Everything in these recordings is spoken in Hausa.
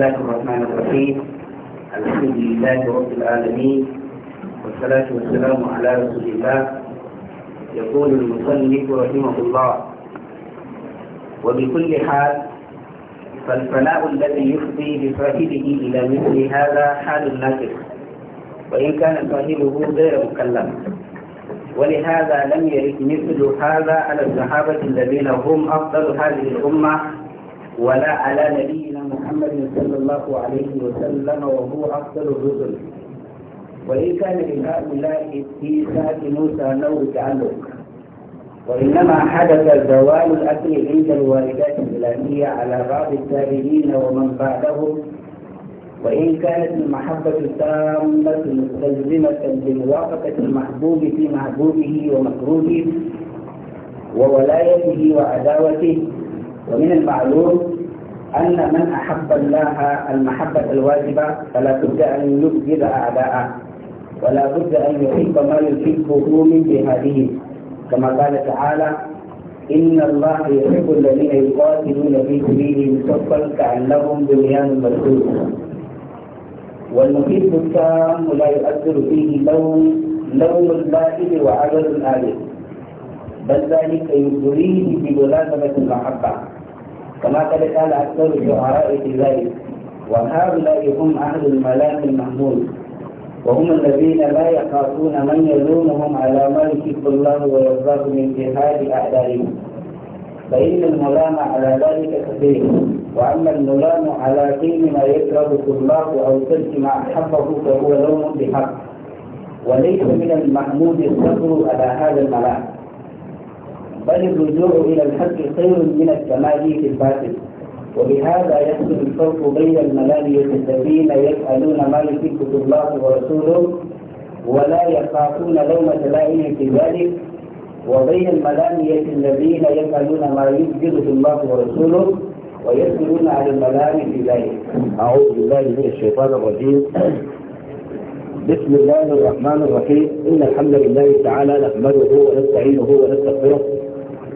الله الرحمن الرحيم الحمد لله رب العالمين والصلاة والسلام على رسول الله يقول المصنف رحمه الله وبكل حال فالفناء الذي يفضي بصاحبه إلى مثل هذا حال ناقص وإن كان صاحبه غير مكلم ولهذا لم يرد مثل هذا على الصحابة الذين هم أفضل هذه الأمة ولا على نبي محمد صلى الله عليه وسلم وهو أفضل الرسل وإن كان لهؤلاء في ذات موسى نوع تعلق وإنما حدث زوال الأكل عند الواردات الإسلامية على بعض التابعين ومن بعدهم وإن كانت المحبة التامة مستلزمة بموافقة المحبوب في محبوبه ومكروهه وولايته وعداوته ومن المعلوم أن من أحب الله المحبة الواجبة فلا بد أن يبغض أعداءه ولا بد أن يحب ما يحبه من جهاده كما قال تعالى إن الله يحب الذين يقاتلون في سبيله صفا كأنهم بنيان مرسول والمحب التام لا يؤثر فيه لوم لوم البائد وعدد الآلف بل ذلك يجريه بملازمة المحبة كما قد قال أكثر الشعراء في ذلك وهؤلاء هم أهل الملام المحمود وهم الذين لا يخافون من يلومهم على ما يشرك الله ويرضاه من جهاد أعدائهم فإن الملام على ذلك كثير وأما الملام على دين ما يكره الله أو ترك ما أحبه فهو لوم بحق وليس من المحمود الصبر على هذا الملام بل الرجوع إلى الحق خير من التمادي في الباطل وبهذا يحصل الفرق بين الملامية الذين يسألون ما يحبه الله ورسوله ولا يخافون لومة لائم في ذلك وبين الملامية الذين يفعلون ما يبغضه الله ورسوله ويسألون عن الملام في ذلك. أعوذ بالله من الشيطان الرجيم. بسم الله الرحمن الرحيم إن الحمد لله تعالى نحمده ونستعينه ونستغفره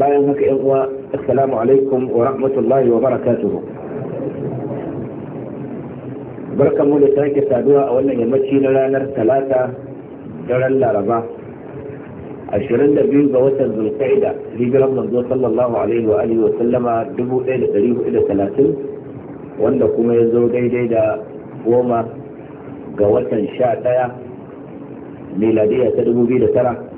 bayan haka yan uwa assalamu alaikum wa rahmatullahi wa barakatuhu barkan mu da sake saduwa a wannan yammaci na ranar talata daren laraba 22 ga watan zulqaida hijiran manzo sallallahu alaihi wa alihi wa sallama 1430 wanda kuma ya zo daidai da goma ga watan 11 miladiya ta 2009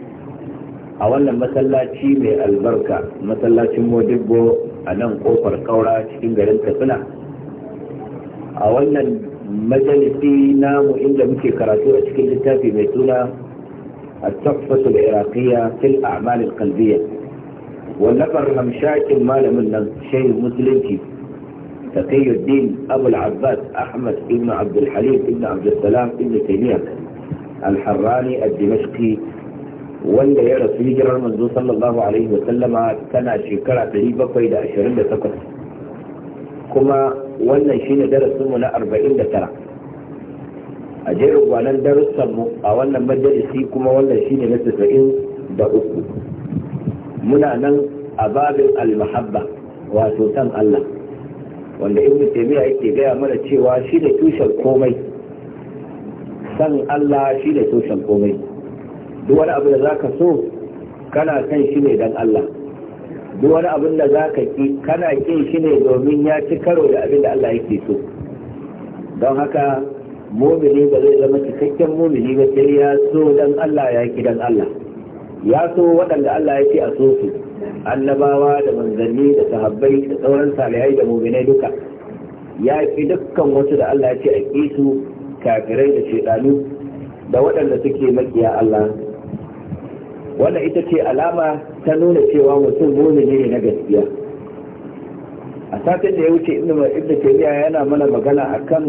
a wannan masallaci mai albarka masallacin modibbo a nan kofar kaura cikin garin katsina a wannan majalisi namu inda muke karatu a cikin littafi mai suna a tafasa da irakiya fil amalin kalbiya wannan malamin nan shayin musulunci taqiyuddin abu al-abbas ahmad ibn abdul ibn abdul salam ibn taymiyyah al-harrani ad wanda ya rasu hijirar manzo sallallahu alaihi wa sallama tana shekara 728 kuma wannan shine darasin mu na 49 a jerin gwanan darussan mu a wannan majalisi kuma wannan shine na 93 muna nan a babin al wato san Allah wanda ibnu taymiya yake gaya mana cewa shi ne tushen komai san Allah shi ne tushen komai duk wani abin da za ka so kana kan shi ne don Allah duk wani abin da za ka ki kana kin shi ne domin ya ci karo da abin da Allah yake so don haka mumini ba zai zama cikakken mumini ba sai ya so dan Allah ya ki dan Allah ya so waɗanda Allah ya ce a so su annabawa da manzanni da sahabbai da sauran salihai da muminai duka ya ki dukkan wasu da Allah ya ce a ki su kafirai da shedanu da waɗanda suke makiya Allah wannan ita ce alama ta nuna cewa mutum mumini ne na gaskiya a satin da ya wuce inda ibn taymiya yana mana magana akan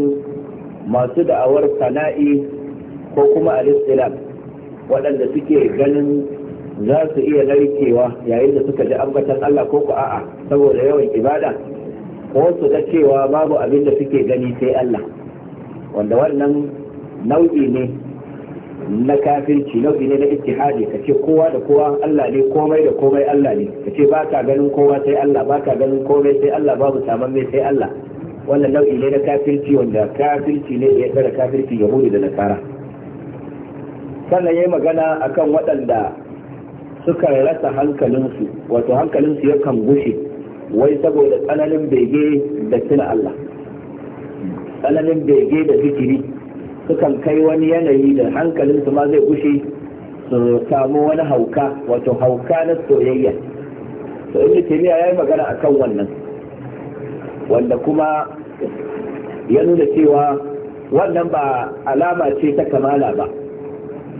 masu da'awar sana'i ko kuma al waɗanda suke ganin za su iya narkewa yayin da suka ji ambatan Allah ko ku a'a saboda yawan ibada ko su ga cewa babu abin da suke gani sai Allah wanda wannan nau'i ne na kafirci nau'i ne na ittihadi ka ce kowa da kowa Allah ne komai da komai Allah ne ka ce ba ka ganin kowa sai Allah ba ka ganin komai sai Allah babu mai sai Allah wannan nau'i ne na kafirci wanda kafirci ne ya tsara kafirci yahudi da nasara sannan yayi magana akan waɗanda suka rasa hankalinsu wato hankalinsu ya kan gushe wai saboda tsananin bege da tuna Allah tsananin bege da zikiri sukan kai wani yanayi da hankalinsu ma zai bushe su samu wani hauka wato hauka na soyayya to ibn ya yi magana akan wannan wanda kuma ya nuna cewa wannan ba alama ce ta kamala ba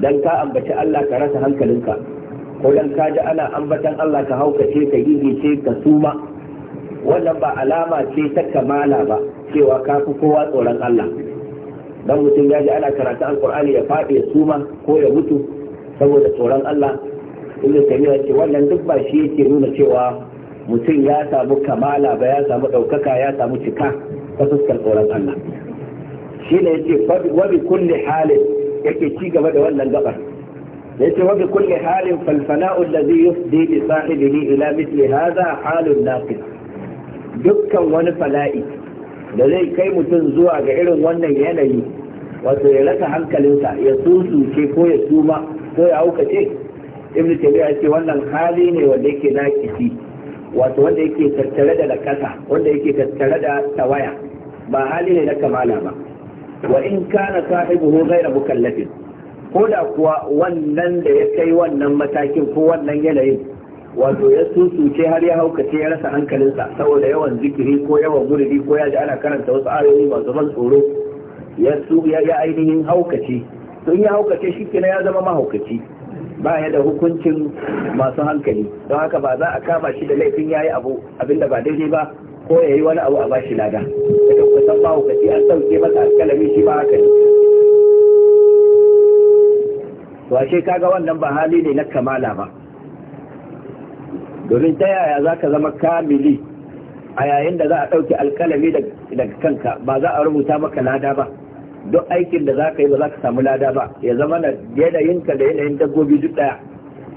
dan ka ambaci Allah ka rasa hankalinka ko dan ka ji ana ambatan Allah ka haukace ka gigice ka suma wannan ba alama ce ta kamala ba cewa ka fi kowa tsoron Allah dan mutum ya ji ana karatu alqur'ani ya faɗi ya suma ko ya mutu saboda tsoron Allah ibn taymiya ce wannan duk ba shi yake nuna cewa mutum ya samu kamala ba ya samu ɗaukaka ya samu cika ta fuskar tsoron Allah shi ne yace wabi bi kulli halin yake ci gaba da wannan gabar yace wa bi kulli halin fal fana'u alladhi yufdi bi sahibihi ila mithli hadha halun naqis dukkan wani fala'i da zai kai mutum zuwa ga irin wannan yanayi wato ya rasa hankalinsa ya susuce ko ya suma ko ya aukace ibn tabi'a ce wannan hali ne wanda yake nakisi wato wanda yake tattare da nakasa wanda yake tattare da tawaya ba hali ne na kamala ba wa in kana sahibuhu ghayra mukallafin ko da kuwa wannan da ya kai wannan matakin ko wannan yanayin wato ya tutuce har ya haukace ya rasa hankalinsa saboda yawan zikiri ko yawan muridi ko ya ji ana karanta wasu ayoyi masu ban tsoro ya su ya ainihin haukace sun ya haukace shi kina ya zama mahaukaci ba ya da hukuncin masu hankali don haka ba za a kama shi da laifin ya yi abu abinda ba daidai ba ko ya yi wani abu a bashi lada da kusan mahaukaci an sauke masa alƙalami shi ba haka ne washe kaga wannan ba hali ne na kamala ba domin ta yaya za ka zama kamili a yayin da za a ɗauki alkalami daga kanka ba za a rubuta maka lada ba duk aikin da za ka yi ba za ka samu lada ba ya zama na yanayinka da yanayin dabbobi duk ɗaya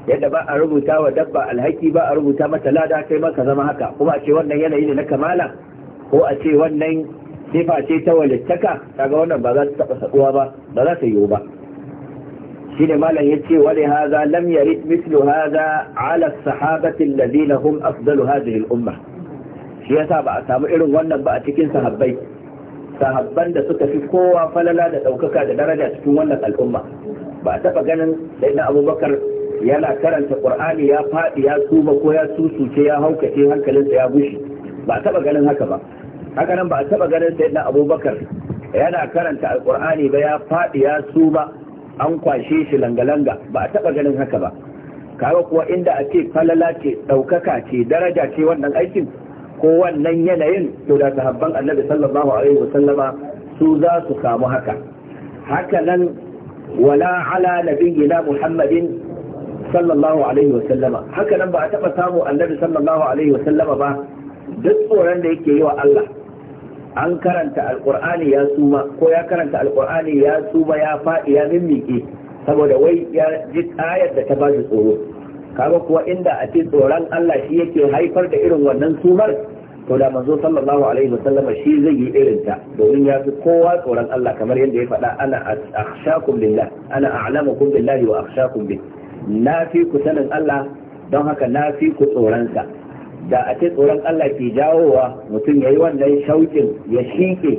yadda ba a rubuta wa dabba alhaki ba a rubuta mata lada kai maka zama haka kuma a ce wannan yanayi ne na kamala ko a ce wannan sifa ce ta walittaka kaga wannan ba za ta taɓa saduwa ba ba za ta yiwu ba shi ne malam ya ce wani haza lam yarid mislu haza ala sahabatin ladina hum afdalu hadhihi al-umma shi yasa ba a samu irin wannan ba a cikin sahabbai sahabban da suka fi kowa falala da daukaka da daraja cikin wannan al'umma ba a taba ganin sayyidina abubakar yana karanta qur'ani ya fadi ya tuba ko ya susuce ya haukace hankalinsa ya bushe ba a taba ganin haka ba haka nan ba a taba ganin sayyidina abubakar yana karanta alqur'ani ba ya fadi ya tuba an kwashe shi langa-langa ba a taba ganin haka ba kawo kuwa inda a ce falala ce ɗaukaka ce daraja ce wannan aikin ko wannan yanayin to da sahabban annabi sallallahu alaihi wasallama su za su samu haka haka nan wala ala nabiyyina muhammadin sallallahu alaihi wasallama haka nan ba a taba samu annabi sallallahu alaihi wasallama ba duk tsoron da yake yi wa Allah an karanta alqur'ani ya suma ko ya karanta alkur'ani ya suma ya faɗi ya mimmike saboda wai ya ji ayar da ta ba shi tsoro kaga kuwa inda a ce tsoron Allah shi yake haifar da irin wannan sumar to da manzo sallallahu alaihi wasallama shi zai yi irin ta domin ya fi kowa tsoron Allah kamar yadda ya faɗa ana akhshakum lillah ana a'lamukum billahi wa akhshakum bih na fi ku sanin Allah don haka na fi ku tsoron sa da a ce tsoron Allah ke jawowa mutum ya yi wannan shauƙin ya shiƙe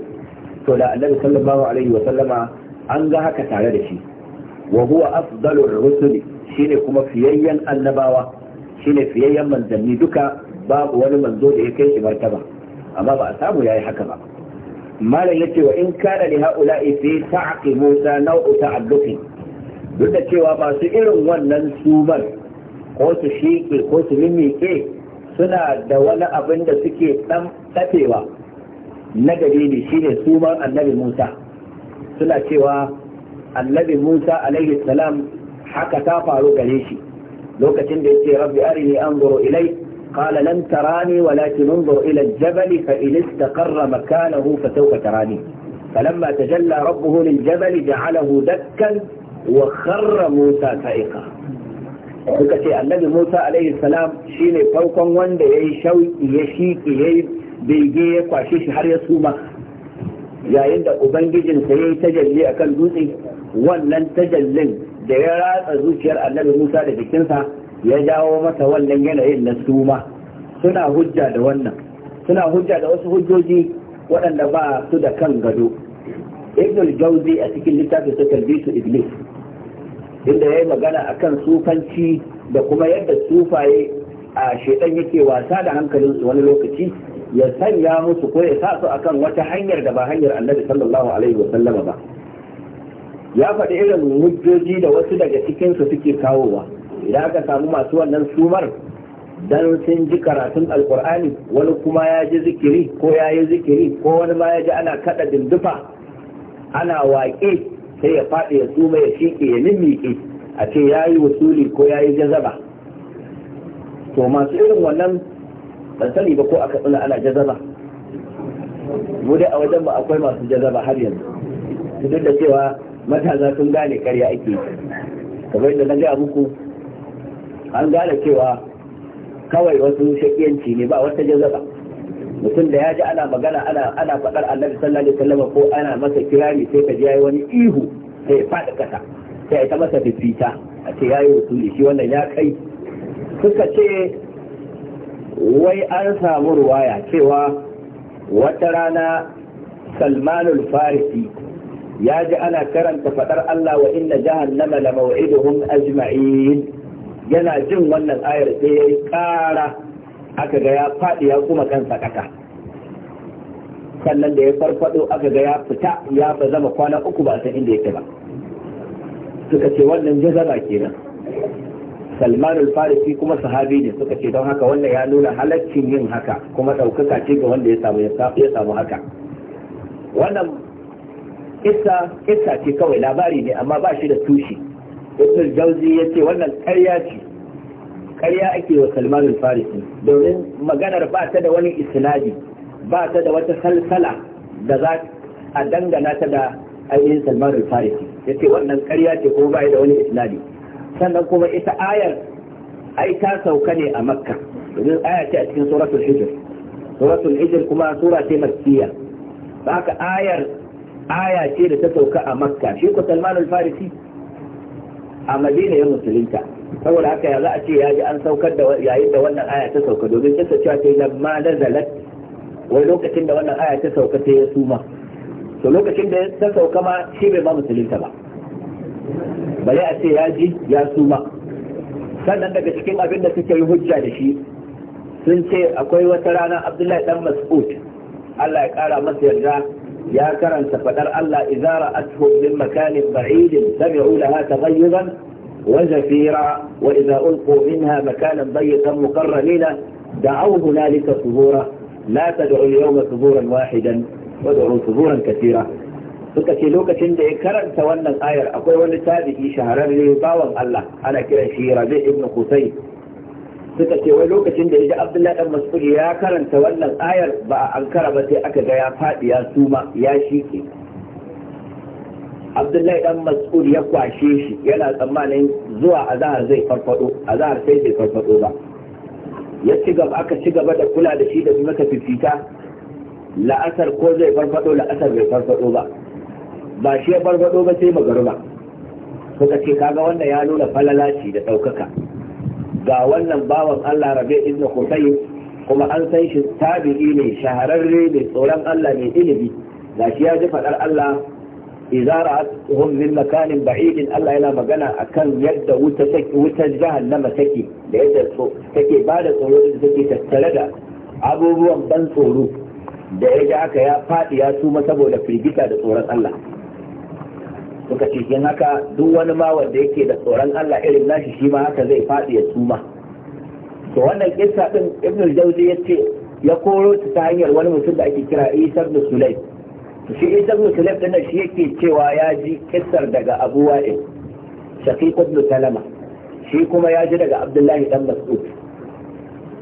to da annabi sallallahu alaihi wa sallama an ga haka tare da shi wa huwa afdalur rusul shine kuma fiyayyen annabawa shine fiyayyen manzanni duka babu wani manzo da ya kai shi martaba amma ba a samu yayi haka ba malam yace wa in kana li haula'i fi ta'qi Musa naw'u ta'alluqi duk da cewa masu irin wannan suban ko su shiƙe ko su mimike suna da wani abin da suke ɗan tafewa na dalili shine suman annabi Musa suna cewa annabi Musa alaihi salam haka ta faru gare shi lokacin da yake rabbi arini anzuru ilai qala lan tarani walakin unzur ila al-jabal fa in istaqarra makanahu fa sawfa tarani فلما تجلى ربه للجبل جعله دكا وخر موسى سائقا suka ce annabi musa alaihi salam shine farkon wanda ya yi shauki ya shiki ya bege ya kwashe shi har ya suma yayin da ubangijinsa ya yi tajalli a dutse wannan tajallin da ya ratsa zuciyar annabi musa da jikinsa ya jawo masa wannan yanayin na suma suna hujja da wannan suna hujja da wasu hujjoji waɗanda ba su da kan gado ibnul jauzi a cikin littafin sa talbisu iblis inda ya yi magana akan sufanci da kuma yadda sufaye a shedan yake wasa da su wani lokaci ya sanya musu ko ya sa su akan wata hanyar da ba hanyar annabi sallallahu alaihi wasallama ba ya faɗi irin mujjoji da wasu daga cikinsu suke kawowa idan aka samu masu wannan sumar dan sun ji karatun alkur'ani wani kuma ya ji zikiri ko ya yi zikiri ko wani ma ya ji ana kada dindufa ana waƙe sai ya faɗi ya tsuma ya shiƙe ya mimmiƙe a ce ya yi wasuli ko ya yi jazaba to masu irin wannan ban sani ba ko aka tsula ana jazaba mu dai a wajen ba akwai masu jazaba har yanzu duk da cewa matasa sun gane karya ake kamar yadda na a muku an gane cewa kawai wasu shaƙiyanci ne ba wata jazaba mutum da ya ji ana magana ana ana faɗar annabi sallallahu alaihi wasallam ko ana masa kirari sai ka ji yayi wani ihu sai ya faɗi kasa sai ya ta masa fifita a ce yayi wasuli shi wannan ya kai suka ce wai an samu ruwaya cewa wata rana salmanul farisi ya ji ana karanta faɗar Allah wa inna jahannama la maw'iduhum ajma'in yana jin wannan ayar sai ya ƙara aka ga ya faɗi ya kuma kansa ƙasa sannan da ya farfaɗo aka ga ya fita ya ba zama kwana uku ba san inda yake ba suka ce wannan jazaba kenan salman al-farisi kuma sahabi ne suka ce don haka wannan ya nuna halaccin yin haka kuma ɗaukaka ce ga wanda ya samu ya samu haka wannan isa kissa ce kawai labari ne amma ba shi da tushe ibn jauzi ya ce wannan ƙarya ce ƙarya ake wa salman al-farisi domin maganar ba ta da wani isnadi ba ta da wata salsala da za a dangana ta da ainihin salman al-farisi yace wannan ƙarya ce kuma ba da wani isnadi sannan kuma ita ayar ai ta sauka ne a makka domin aya ce a cikin suratul hijr suratul hijr kuma sura ce makkiya haka ayar aya ce da ta sauka a makka shi ko salman al-farisi a madina ya musulunta saboda haka yanzu a ce ya ji an saukar da yayin da wannan aya ta sauka domin kinsa cewa ta yi lamma nazalat wani lokacin da wannan aya ta sauka sai ya suma to lokacin da ta sauka ma shi bai ma musulunta ba bare a ce ya ji ya suma sannan daga cikin abin da suke yi hujja da shi sun ce akwai wata rana abdullahi dan mas'ud Allah ya kara masa yarda ya karanta fadar Allah idza ra'atuhum min makanin ba'idin sami'u laha taghayyuban وزفيرا وإذا ألقوا منها مكانا ضيقا مقرنين دعوا هنالك ثبورا لا تدعوا اليوم ثبورا واحدا وادعوا ثبورا كثيرا suka ce lokacin da ya karanta wannan ayar akwai wani tabi'i shahararre bawan Allah ana kira shi Rabi ibn Qusay suka ce wai lokacin da ya ji Abdullah dan Mas'ud ya karanta wannan ayar ba an ankara ba sai aka ga ya fadi ya suma ya shike abdullahi dan mas'ud ya kwashe shi yana tsammanin zuwa azahar zai farfado azahar sai bai farfado ba ya ci gaba aka ci gaba da kula da shi da su masa fifita la'asar ko zai farfado la'asar bai farfado ba ba shi ya farfado ba sai magaruba Kuka ce kaga wannan ya nuna falalaci da ɗaukaka ga wannan bawan Allah rabe ibn Husayn kuma an san shi tabi'i ne shahararre mai tsoron Allah mai ilimi gashi ya ji faɗar Allah izara hum min makanin ba'idin Allah yana magana akan yadda wuta take wuta jahannama take da yadda so take ba da tsoro da take tattare da abubuwan ban tsoro da ya ji ya faɗi ya suma saboda firgita da tsoron Allah suka ce yin haka duk wani ma wanda yake da tsoron Allah irin nashi shi ma haka zai faɗi ya suma to wannan kissa din Ibn Jawzi yace ya koro ta hanyar wani mutum da ake kira Isa ibn Sulaim shi ita ibn sulaim din shi yake cewa ya ji kissar daga abu wa'il shaqiq ibn salama shi kuma ya ji daga abdullahi dan mas'ud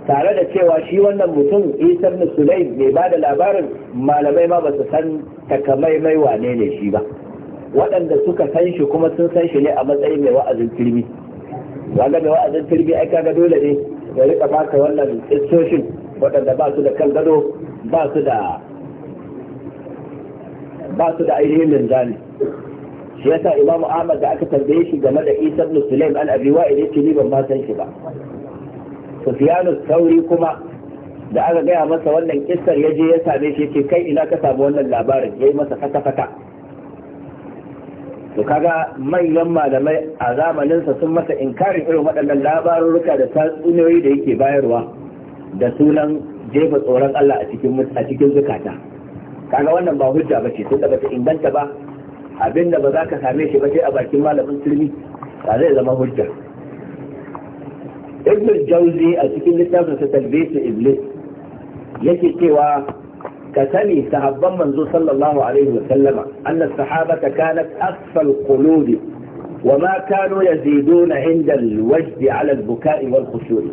tare da cewa shi wannan mutum isa ibn sulaim mai ba da labarin malamai ma ba su san takamaimai wane ne shi ba waɗanda suka san shi kuma sun san shi ne a matsayin mai wa'azin turbi, wanda mai wa'azin turbi ai kaga dole ne ya rika baka wannan istoshin waɗanda ba su da kan gado ba su da ba su da ainihin linzami shi yasa imam ahmad da aka tambaye shi game da isa ibn sulaim an abi idan yace ni ban ma san shi ba sufyan sauri kuma da aka gaya masa wannan kissar ya je ya same shi ce kai ina ka samu wannan labarin ya yi masa fata fata to kaga manyan malamai a zamaninsa sa sun masa inkarin irin waɗannan labarurruka da tatsuniyoyi da yake bayarwa da sunan jefa tsoron Allah a cikin a cikin zukata kaga wannan ba hujja bace ko da bata inganta ba abinda ba za ka same shi ba sai a bakin malamin turmi ba zai zama hujja ibn jauzi a cikin littafin sa talbisu iblis yake cewa ka sani sahabban manzo sallallahu alaihi wa sallama anna sahabata kanat asfal qulubi وما كانوا يزيدون عند الوجد على البكاء والخشوع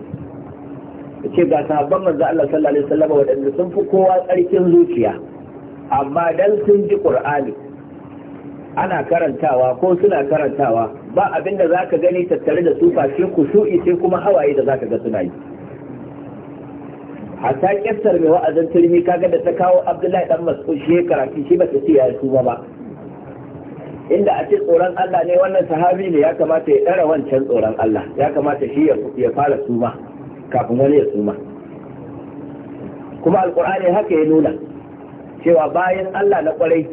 ce ga sahabban manzo Allah sallallahu alaihi wasallam wadanda sun fi kowa tsarkin zuciya amma dan sun ji ƙur'ani ana karantawa ko suna karantawa ba abin da za ka gani tattare da su ku kushu'i sai kuma hawaye da za ka ga suna yi hatta kyastar mai wa'azin turmi kaga da ta kawo abdullahi dan masu shi karatu shi ba ta ce ya su ba inda a ce tsoron Allah ne wannan sahabi ne ya kamata ya ɗara wancan tsoron Allah ya kamata shi ya fara suma kafin wani ya suma kuma Alƙur'ani haka ya nuna cewa bayan Allah na kwarai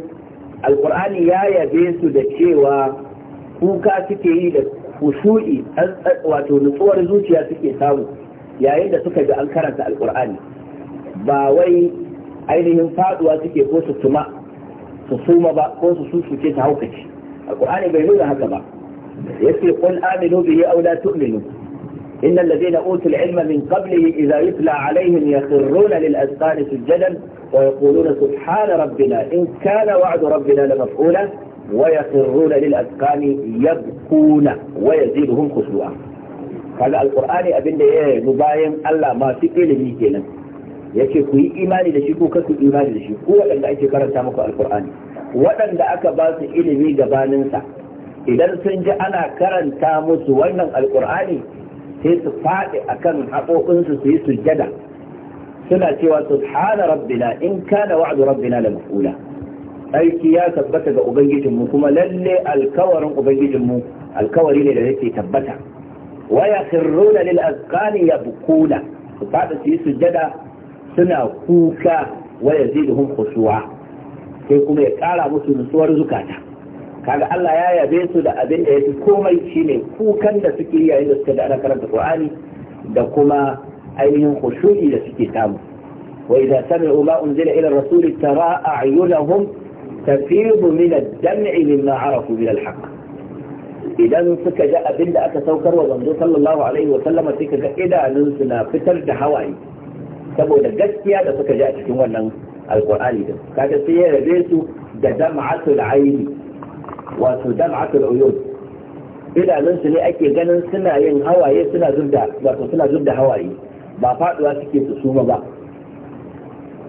alkur'ani ya yabe su da cewa kuka suke yi da kusuri wato nutsuwar zuciya suke samu yayin da suka ji an karanta alkur'ani ba wai ainihin faduwa suke ko su tuma su suma ba ko su susuce ta haukaci alkur'ani bai nuna haka ba yace qul aminu bihi aw la tu'minu إن الذين أوتوا العلم من قبله إذا يتلى عليهم يخرون للأذقان سجدا ويقولون سبحان ربنا إن كان وعد ربنا لمفعولا ويخرون للأذقان يبكون ويزيدهم خشوعا kaga alqur'ani abinda ya yabu bayan Allah masu ilimi kenan yace ku yi imani da shi ko kasu imani da shi ku waɗanda ake karanta muku alqur'ani waɗanda aka basu ilimi gabanin idan sun ji ana karanta musu wannan alkur'ani. sai su faɗi akan haƙoƙinsu su yi sujjada suna cewa subhana rabbina in kana wa'du rabbina la maf'ula aiki ya tabbata ga ubangijinmu kuma lalle alkawarin ubangijinmu alkawari ne da yake tabbata wa yakhruna lil azqani yabquna su faɗi su yi sujjada suna kuka wa yaziduhum khushu'a sai kuma ya ƙara musu nutsuwar zukata kaga Allah ya yabe su da abin da fi komai shine kukan da suke yayin da suka da ana karanta Qur'ani da kuma ainihin khushu'i da suke samu wa idza sami'u ma unzila ila ar-rasul tara a'yunahum tafidu min ad-dam'i mimma arafu min haqq idan suka ji abin da aka saukar wa manzo sallallahu alaihi wa sallama sai kaga idanunsu na fitar da hawaye saboda gaskiya da suka ji a cikin wannan alqur'ani din kaga sai ya rabe su da dam'atul aini wato dam'atul uyun idanun su ne ake ganin suna yin hawaye suna zubda wato suna zubda hawaye ba faduwa suke su suma ba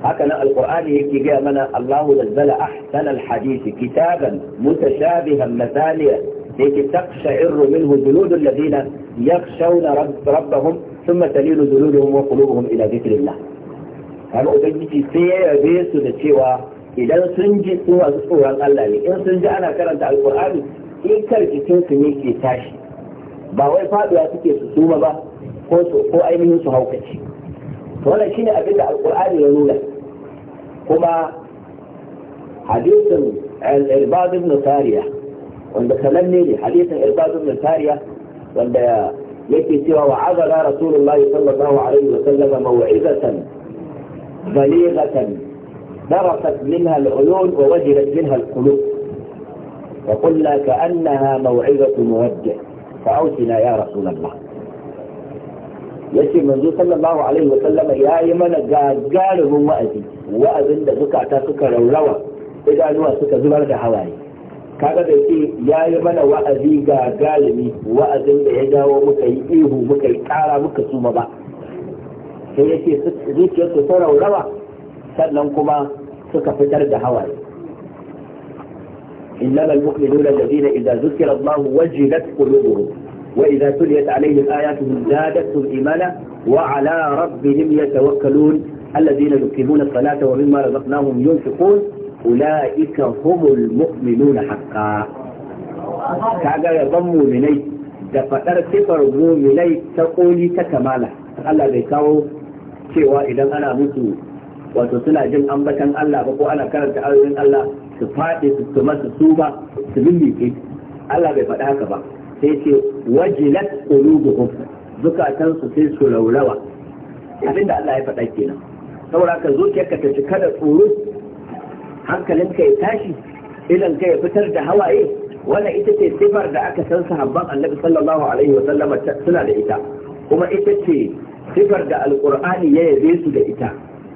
haka nan alqur'ani yake gaya mana Allahu nazzala ahsana alhadith kitaban mutashabihan masaliya yake taqsha'iru minhu juludul ladina yakhshawna rabbahum thumma talinu juluduhum wa qulubuhum ila dhikrillah kaga ubangiji sai ya yabe su cewa idan sun ji su masu tsoron Allah ne in sun ji ana karanta alkur'ani in kar su ne ke tashi ba wai faduwa suke su suma ba ko ko ainihin su haukace wannan shine abin da alkur'ani ya nuna kuma hadisin al-irbad ibn sariya wanda sananne ne hadisin irbad ibn sariya wanda yake cewa wa'azana rasulullahi sallallahu alaihi wa sallama mau'izatan balighatan برقت منها العيون ووجلت منها القلوب وقلنا كأنها موعظة موجة فاوصنا يا رسول الله يسير منذ صلى الله عليه وسلم يا يمن قاله مؤذي وأذن ذكاة سكر الروى إذا نوى سكر زمر دحواني kaga da yake ya yi mana wa'azi ga galimi wa'azin da ya dawo muka yi ihu muka yi kara muka suma ba sai yake zuciyarsu ta raurawa sannan kuma suka fitar da hawaye إنما المؤمنون الذين إذا ذكر الله وجلت قلوبهم وإذا تليت عليهم آياته زادتهم إيمانا وعلى ربهم يتوكلون الذين يقيمون الصلاة ومما رزقناهم ينفقون أولئك هم المؤمنون حقا كاغا يضم مني da faɗar sifar muminai ta ƙoli ta kamala Allah bai kawo cewa idan ana musu wato suna jin ambatan Allah ba ko ana karanta ayoyin Allah su faɗi su tuma su tuba su mimmiƙe Allah bai faɗi haka ba sai ce wajilat qulubuhum zukatan su sai su laulawa. abinda Allah ya faɗa kenan saboda ka zuciyarka ta cika da tsoro hankalinka ya tashi idan ka ya fitar da hawaye wannan ita ce sifar da aka san sahabban Annabi sallallahu alaihi wa sallama suna da ita kuma ita ce sifar da alqur'ani ya yabe su da ita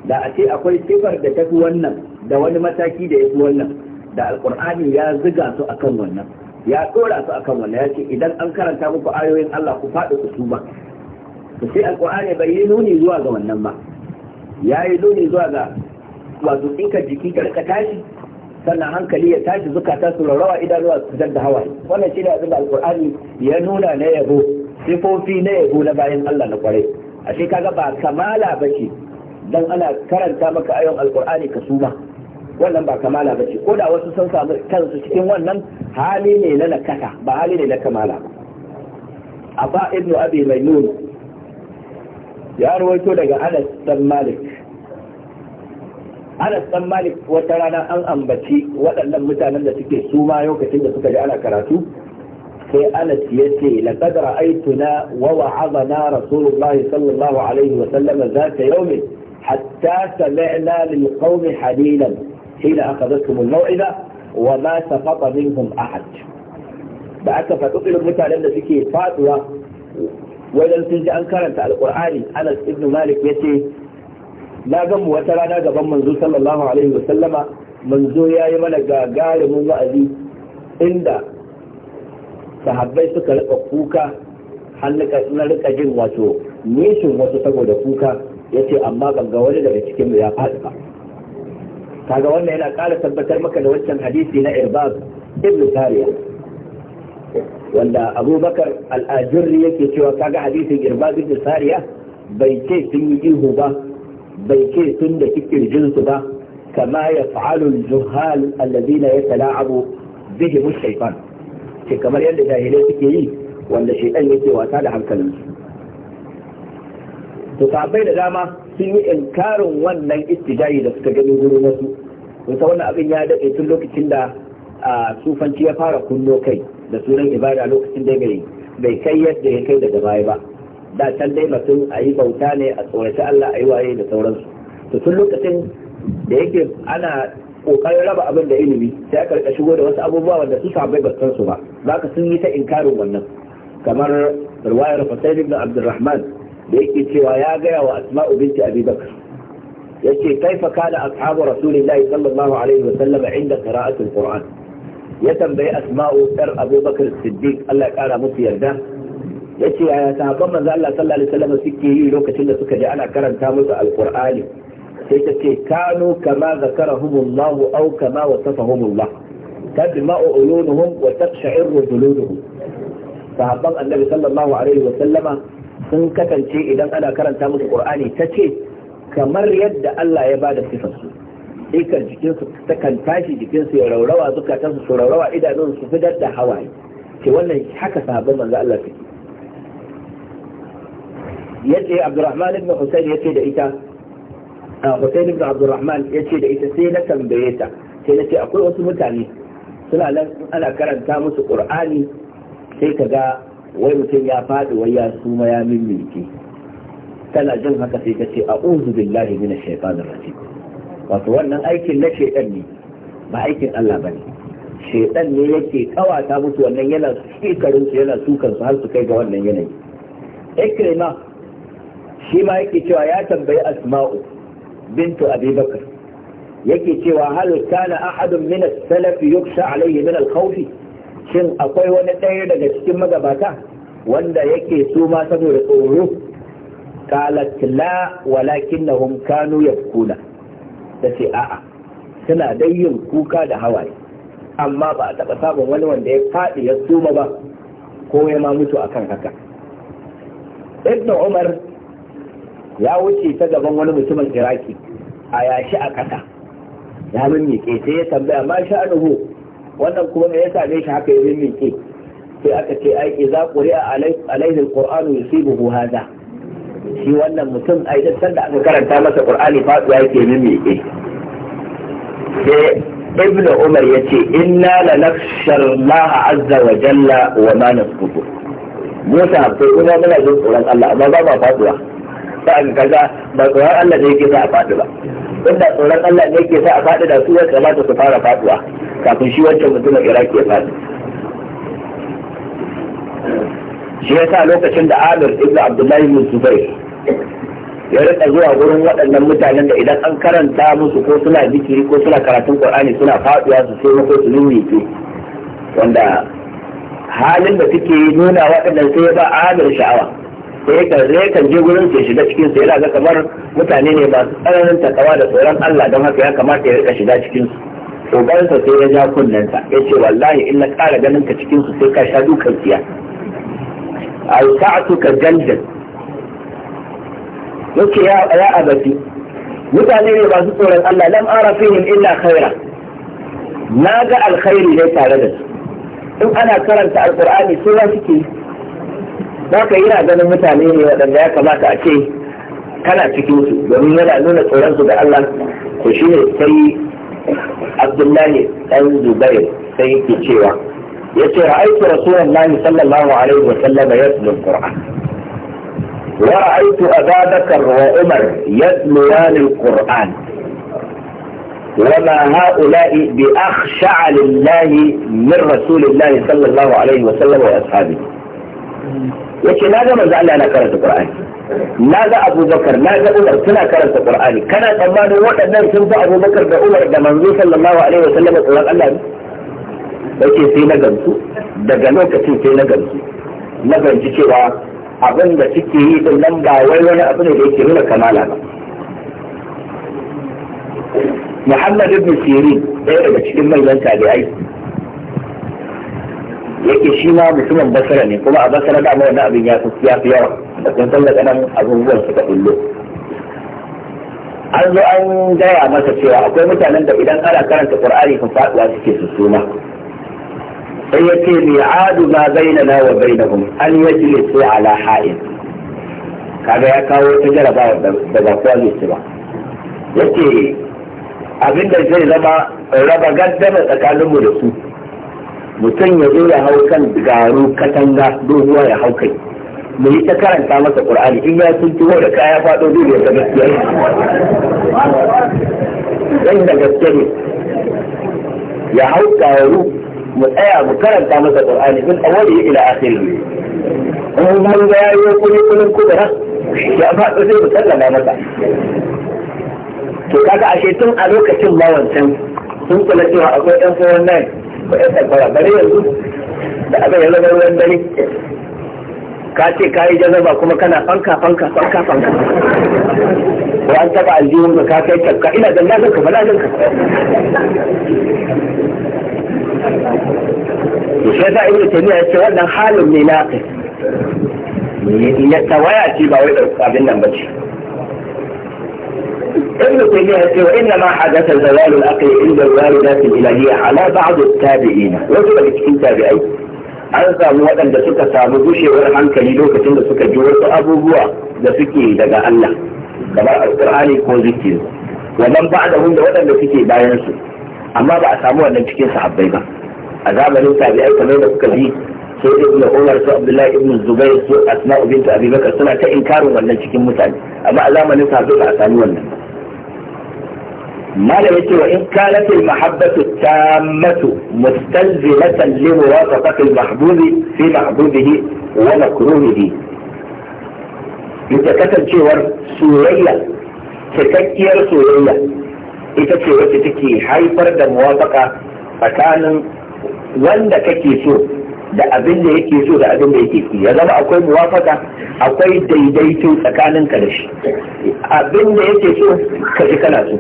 da a ce akwai sifar da tafi wannan da wani mataki da ya fi wannan da alkur'ani ya ziga su akan wannan ya tsora su akan wannan ya ce idan an karanta muku ayoyin Allah ku faɗi ku ba. to sai alkur'ani bai yi nuni zuwa ga wannan ba ya yi nuni zuwa ga wato tsinka jiki ka rika tashi sannan hankali ya tashi zukata su rarrawa idanuwa su da hawa. wannan shi ne abin da alkur'ani ya nuna na yabo sifofi na yabo na bayan Allah na kwarai ashe kaga ba kamala ba ce dan ana karanta maka ayon alkur'ani ka su ba, wannan ba kamala ba ce ko da wasu sun samu kansu cikin wannan hali ne na nakasa ba hali ne na kamala ba abba ibn abi maimuna ya rawaito daga anas dan malik anas dan malik wata rana an ambaci waɗannan mutanen da suke suma lokacin da suka ji ana karatu sai anas ya ce laqad ra'aytuna wa wa'adana rasulullahi sallallahu alaihi wa sallam zata yawmin حتى na للقوم حليلا حين أخذتهم الموعظة وما سقط منهم أحد da aka faɗi irin mutanen da suke faduwa wajen sun ji an karanta alkur'ani anas ibn malik ya ce na gan mu wata rana gaban manzo sallallahu alaihi wa sallama manzo ya yi mana gagarumin wa'azi inda sahabbai suka rika kuka har na rika jin wato nishin wasu saboda kuka yace amma ga wani daga cikin mu ya faɗi ba kaga wannan yana ƙara tabbatar maka da wancan hadisi na irbaz ibn wanda abubakar al'ajirri yake cewa kaga hadisin irbaz ibn bai ce sun yi ihu ba bai ce sun da kirjinsu ba kama ya fa'alul juhal allazina ya tala'abu bihi mushaytan ce kamar yadda jahilai suke yi wanda shaitan yake wasa da hankalinsu to sabai da dama sun yi inkarin wannan istijayi da suka gani wurin wasu wata wannan abin ya daɗe tun lokacin da sufanci ya fara kunno kai da sunan ibada lokacin da bai kai yadda ya kai daga baya ba da can dai mutum a yi bauta ne a tsoraci Allah a yi waye da sauransu to tun lokacin da yake ana kokarin raba abin da ilimi sai aka rika shigo da wasu abubuwa wanda su sabai ba san su ba zaka sun yi ta inkarin wannan kamar ruwayar fasayin ibn Abdurrahman da yake cewa ya gaya wa asma'u binti abi bakr yace kaifa kana ashabu rasulillahi sallallahu alaihi wa sallam inda qira'atul qur'an ya tambayi asma'u dar abubakar siddiq Allah ya kara musu yarda yace yaya sahabban manzo Allah sallallahu alaihi wa sallam suke yi lokacin da suka ji ana karanta musu alqur'ani sai ta ce kanu kama zakarahumullahu aw kama wasafahumullah tadma'u ulunuhum wa taqsha'irru juluduhum sahabban annabi sallallahu alaihi wa sallama. sun kasance idan ana karanta musu qur'ani ta ce kamar yadda Allah ya bada sifar su ikar jikinsu ta kan tashi jikinsu ya raurawa zukatan su raurawa idanun su fitar da hawaye ce wannan haka sahabban manzo Allah take yace Abdurrahman ibn Husayn yace da ita Husayn ibn Abdurrahman yace da ita sai na tambaye ta sai nace akwai wasu mutane suna nan ana karanta musu Qur'ani sai ka ga. wai mutum ya faɗi wai ya suma ya mimilke kana jin haka sai ka ce a'udhu billahi minash shaitanir rajim wato wannan aikin na shaitan ne ba aikin Allah bane shaitan ne yake kawata musu wannan yana sikarin su yana sukan su har su kai ga wannan yanayi ikrima shi ma yake cewa ya tambayi asma'u bintu abi yake cewa hal kana ahadun min as-salaf yukhsha alayhi min al-khawfi shin akwai wani ɗaya daga cikin magabata wanda yake su saboda tsoro qalat la walakinnahum kanu yabkuna ce a'a suna dai yin kuka da hawaye amma ba a taɓa samun wani wanda ya faɗi ya suma ba ko ya ma mutu a kan haka ibn umar ya wuce ta gaban wani mutumin iraki a yashi a ƙasa ya mimmike sai ya tambaya ma sha'anuhu wannan kuma ne ya same shi haka ya rimmike sai aka ce ai idza quri'a alayhi alqur'anu yusibuhu hadha shi wannan mutum ai duk sanda aka karanta masa qur'ani faduwa yake ke sai ibnu umar yace inna la nakhshar Allah azza wa jalla wa ma nasqutu Musa sai kuma muna jin tsoron Allah amma ba ma faduwa sai aka kaga ba tsoron Allah da yake za a faɗi ba wanda tsoron Allah ne ke sa a faɗi da su ya kamata su fara faɗuwa kafin shi wancan mutumin Iraq ya faɗi shi ya sa lokacin da Amir ibn Abdullahi bin Zubair ya rika zuwa wurin waɗannan mutanen da idan an karanta musu ko suna zikiri ko suna karatun Qur'ani suna faɗuwa su sai ko su lumike wanda halin da suke nuna waɗannan sai ya ba Amir sha'awa sai kan je gurin sai shiga cikin sai yana ga kamar mutane ne masu tsananin takawa da tsoron Allah don haka ya kamata ya rika shiga cikin su sa sai ya ja kunnensa ya ce wallahi in na ƙara ganin ka cikin su sai ka sha dukan tsiya a sa'atu ka gandan yake ya ya abati mutane ne ba su tsoron Allah lam ara fihim illa khaira na ga alkhairi ne tare da su in ana karanta alqur'ani sai suke za ka yana ganin mutane ne waɗanda ya kamata a ce kana cikin su domin yana nuna tsoronsu da Allah to shi ne sai Abdullahi ɗan Zubair sai yake cewa ya ce ra'aitu rasulullahi sallallahu alaihi wa sallam ya al-Qur'an wa ra'aitu Abu Bakar wa Umar yatluwan al-Qur'an وما هؤلاء بأخشع لله من رسول الله صلى الله عليه وسلم وأصحابه yace na ga manzo Allah na karanta Qur'ani na ga Abu Bakar na ga Umar suna karanta Qur'ani kana tsammanin waɗannan sun fi Abu Bakar da Umar da manzo sallallahu alaihi wa sallam tsoron Allah ne yake sai na gamsu daga lokacin sai na gamsu na ganci cewa abin da suke yi din nan ba wai wani abu ne da yake nuna kamala ba Muhammad ibn Sirin ɗaya daga cikin manyan tabi'ai yake shi ma mutumin basara ne kuma a basara da amma abin ya fi ya fi yawa da kun sallaka nan abubuwan suka kullo an zo an gaya masa cewa akwai mutanen da idan ana karanta qur'ani fa faduwa suke su suma sai yace mi'adu ma bainana wa bainahum an yajlisu ala ha'in kaga ya kawo ta jarabawa da ba kowa zai ci ba yace abinda zai zama raba gaddama tsakaninmu da su mutum ya zo ya hau kan garu katanga doguwa ya hau kai mu yi ta karanta masa qur'ani in ya sun tuwo da kaya fado zai ya gaskiya zai da gaske ne ya hau garu mu tsaya mu karanta masa qur'ani min awwali ila akhirih in mun ga yayi kuli kulin kubra ya ba sai mu sallama masa to kaga ashe tun a lokacin ma wancan sun kula cewa akwai ɗan 419 ba ya tabbara bare yanzu da abin ya zama ruwan dare ka ce ka yi jazaba kuma kana fanka fanka fanka fanka ko an taba aljihun ka ka kai tafka ina da na zanka bala zanka shi yasa ibnu taymiya ce wannan halin ne na kai ya tawaya ce ba wai abin nan ba ce المتجهد وإنما حدث زوال الأقل عند الواردات الإلهية على بعض التابعين وجب الكتين تابعي أنت موضا دا سكا سابدوشي ورحان كليلو كتن دا سكا جورت أبو هو دا سكي دا دا الله دا ما القرآن يكون ذكير ومن بعدهم دا ودا دا سكي دا ينسو أما دا أسامو أن الكتين صحب بيبا أذاب لو تابعي كمين دا سكا ذكير sai ibn umar sai abdullahi ibn zubair sai asma'u bint abi bakar suna ta inkarin wannan cikin mutane amma a zamanin sa zuwa a sami wannan malam yace wa in kanat al mahabbatu tammatu mustalzimatan li muwafaqati al mahbubi fi mahbubihi wa makruhihi ita kasancewar soyayya cikakkiyar soyayya ita ce wacce take haifar da muwafaka tsakanin wanda kake so da abin da yake so da abin da yake ki ya zama akwai muwafaka akwai daidaito tsakanin ka da shi abin da yake so ka ji kana so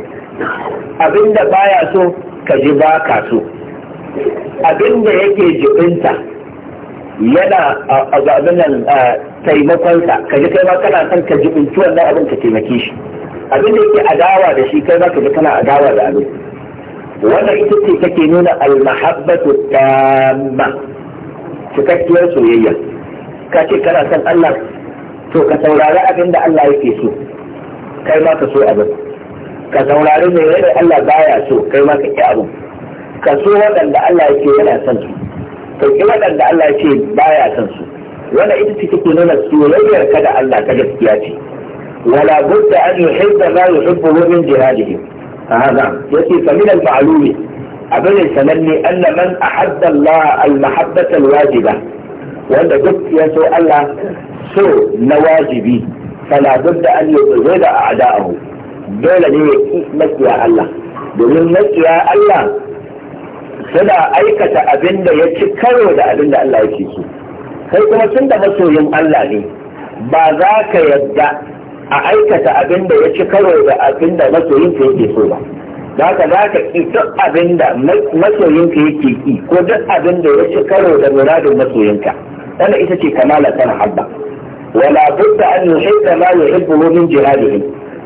abin da baya so ka ji ba ka so abin da yake jibinta yana abin nan taimakonsa ka ji kai ma kana son ka jibinci wannan abin ka taimake shi abin da yake adawa da shi kai ma ka ji kana adawa da abin wannan ita ce take nuna al-mahabbatu tamma cikakkiyar soyayya ka ce kana son Allah to ka saurari abin da Allah yake so kai ma ka so abin ka saurari mai yadda Allah baya so kai ma ka abu ka so waɗanda Allah yake yana son su ka ƙi waɗanda Allah yake baya son su wannan ita ce take nuna soyayyar ka da Allah ta gaskiya ce wala budda an yuhibba ma yuhibbu min jihadihi hada yace fa min al-ma'lumi abin sananne anna man ahadda Allah al-mahabbata wajiba wanda duk ya so Allah so na wajibi fala budda an yuzida a'da'ahu dole ne ya ki makiya Allah domin makiya Allah suna aikata abin da ya ci karo da abin da Allah ya yake so kai kuma tun da masoyin Allah ne ba za ka yadda a aikata abin da ya ci karo da abin da masoyin ka yake so ba za ka za ka ƙi duk abin da masoyinka yake ki ko duk abin da ya ci karo da muradin masoyinka wannan ita ce kamala tana habba wala budda an yuhibba ma yuhibbu min jihadihi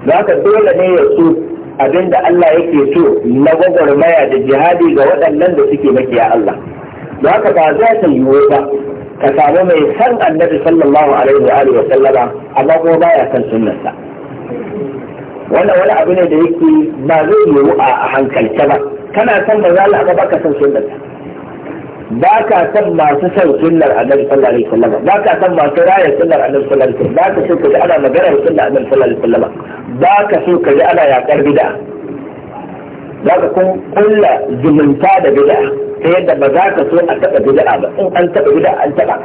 za ka dole ne ya so abin da Allah yake so na gwagwarmaya da jihadi ga waɗannan da suke makiya Allah za ka ba za ka yiwu ba ka samu mai san annabi sallallahu alaihi wa sallama amma kuma baya kan sunnarsa wannan wani abu ne da yake ba zai yiwu a hankalce ba kana san ba za a ba ka san sunnar ba ka san masu san sunnar annabi sallallahu alaihi wasallam ba ka san masu rayar sunnar annabi sallallahu alaihi wasallam ba ka so ka ji ana maganar sunnar annabi sallallahu alaihi wasallam ba ka so ka ji ana yakar bid'a za ka kun kulla zumunta da bid'a ta yadda ba za ka so a taɓa bid'a ba in an taɓa bid'a an taɓa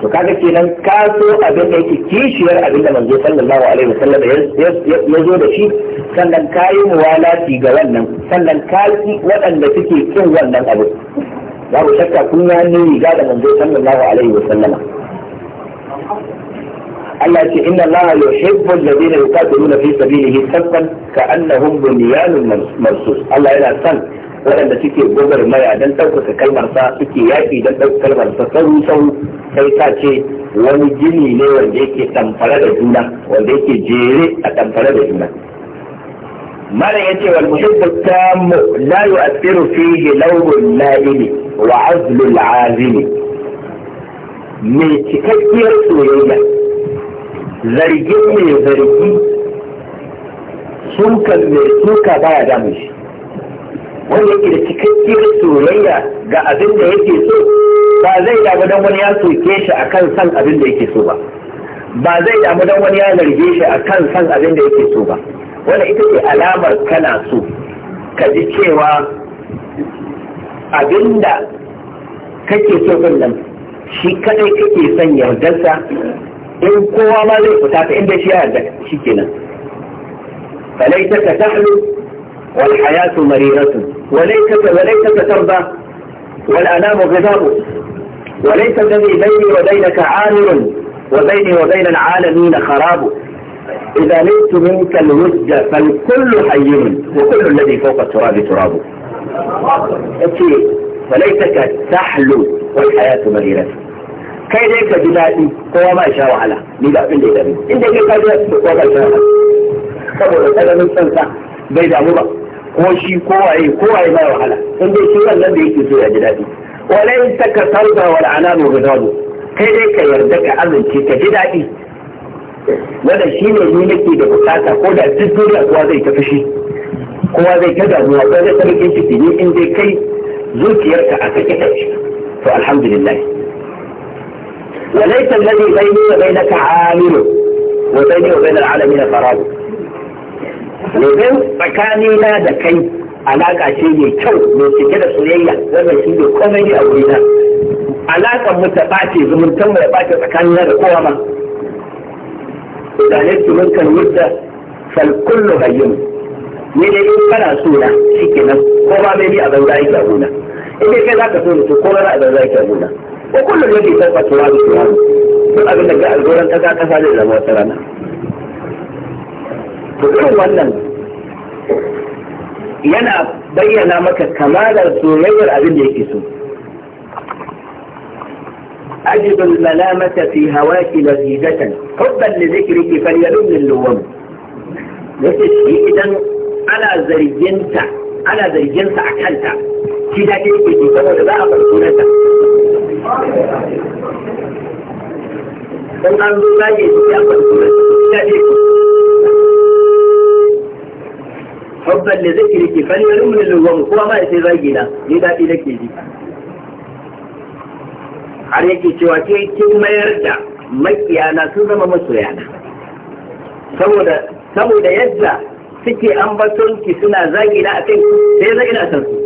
to kaga kenan ka so abin da yake kishiyar abin da manzo sallallahu alaihi wasallam ya zo da shi sannan ka yi muwalati ga wannan sannan ka ki waɗanda suke kin wannan abu babu shakka kun ya ne riga da manzo sallallahu alaihi wasallam Allah ce inna Allah yuhibbu alladhina yuqatiluna fi sabilihi saffan ka'annahum bunyanun marsus Allah yana san waɗanda suke gobar maya don ɗaukaka kalmarsa suke yaƙi don ɗaukaka kalmarsa sauru sauru sai ta ce wani gini ne wanda yake ɗamfare da juna wanda yake jere a ɗamfare da juna malam ce wal muhibbu tammu la yu'athiru fihi launin la'ili wa 'azlul 'azimi mai cikakkiyar soyayya zargin mai zargi kan mai suka baya damu shi wani yake da cikakkiyar soyayya ga abin da yake so ba zai damu dan wani ya soke shi akan san abin da yake so ba ba zai damu dan wani ya zarge shi akan san abin da yake so ba Wani ita ce alamar kana so ka ji cewa abin da kake so din nan shi kaɗai kake son yardarsa in kowa ma zai fita ta inda shi ya yarda shi kenan falaita ka tahlu والحياة مريرة وليست, وليست تربى والأنام غضاب وليس الذي بيني وبينك عامر وبيني وبين العالمين خراب إذا نلت منك الود فالكل حي وكل الذي فوق التراب تراب وليتك تحلو والحياة مريرة كي dai ka هو ما شاء ba sha wahala ni ba abin da ya dami inda ke kaji wa ba bai damu ba ko shi ko waye ko waye bai wahala in dai shi wannan da yake so ya ji dadi wala in taka sarda wal ananu gadabu kai dai ka yarda ka azance ka ji dadi wanda shi ne ni nake da bukata ko da duk duniya kowa zai ta fushi kowa zai ta damuwa ko zai ta bakin ciki ne in dai kai zuciyarka a sake ta shi to alhamdulillah وليس الذي بيني وبينك عامل وبيني وبين العالمين فراغ domin tsakanina da kai alaka ce mai kyau mai cike da soyayya wannan shi ne komai ne a na alakan mu ta bace zumuntan mu ya bace tsakanina da kowa ma da su mun kan yadda fal kullu hayyin ni ne in kana so na nan, ko ba mai a banza yake a gona in dai kai ka so ni to ko ba a banza yake a gona ko kullum yake tabbatuwa da tuwa duk abin da ga ta ga kasa zai zama wata rana wannan yana bayyana maka kamalar soyayyar abin da yake so أجد الملامة في هواك لذيذة حبا لذكرك فليلم اللوم مثل إذن أنا زرجنت على زرجنت أكلت كده كده كده فهو لا أفرقونتا إن أنظر لا يجب أفرقونتا hubban da zikiri ke fali wani mun lulluwa kuma ba sai zagi na ni daɗi nake ji har yake cewa ke kin mayar da makiyana sun zama masoyana saboda saboda yadda suke ambaton ki suna zagi na akai sai zagi na san su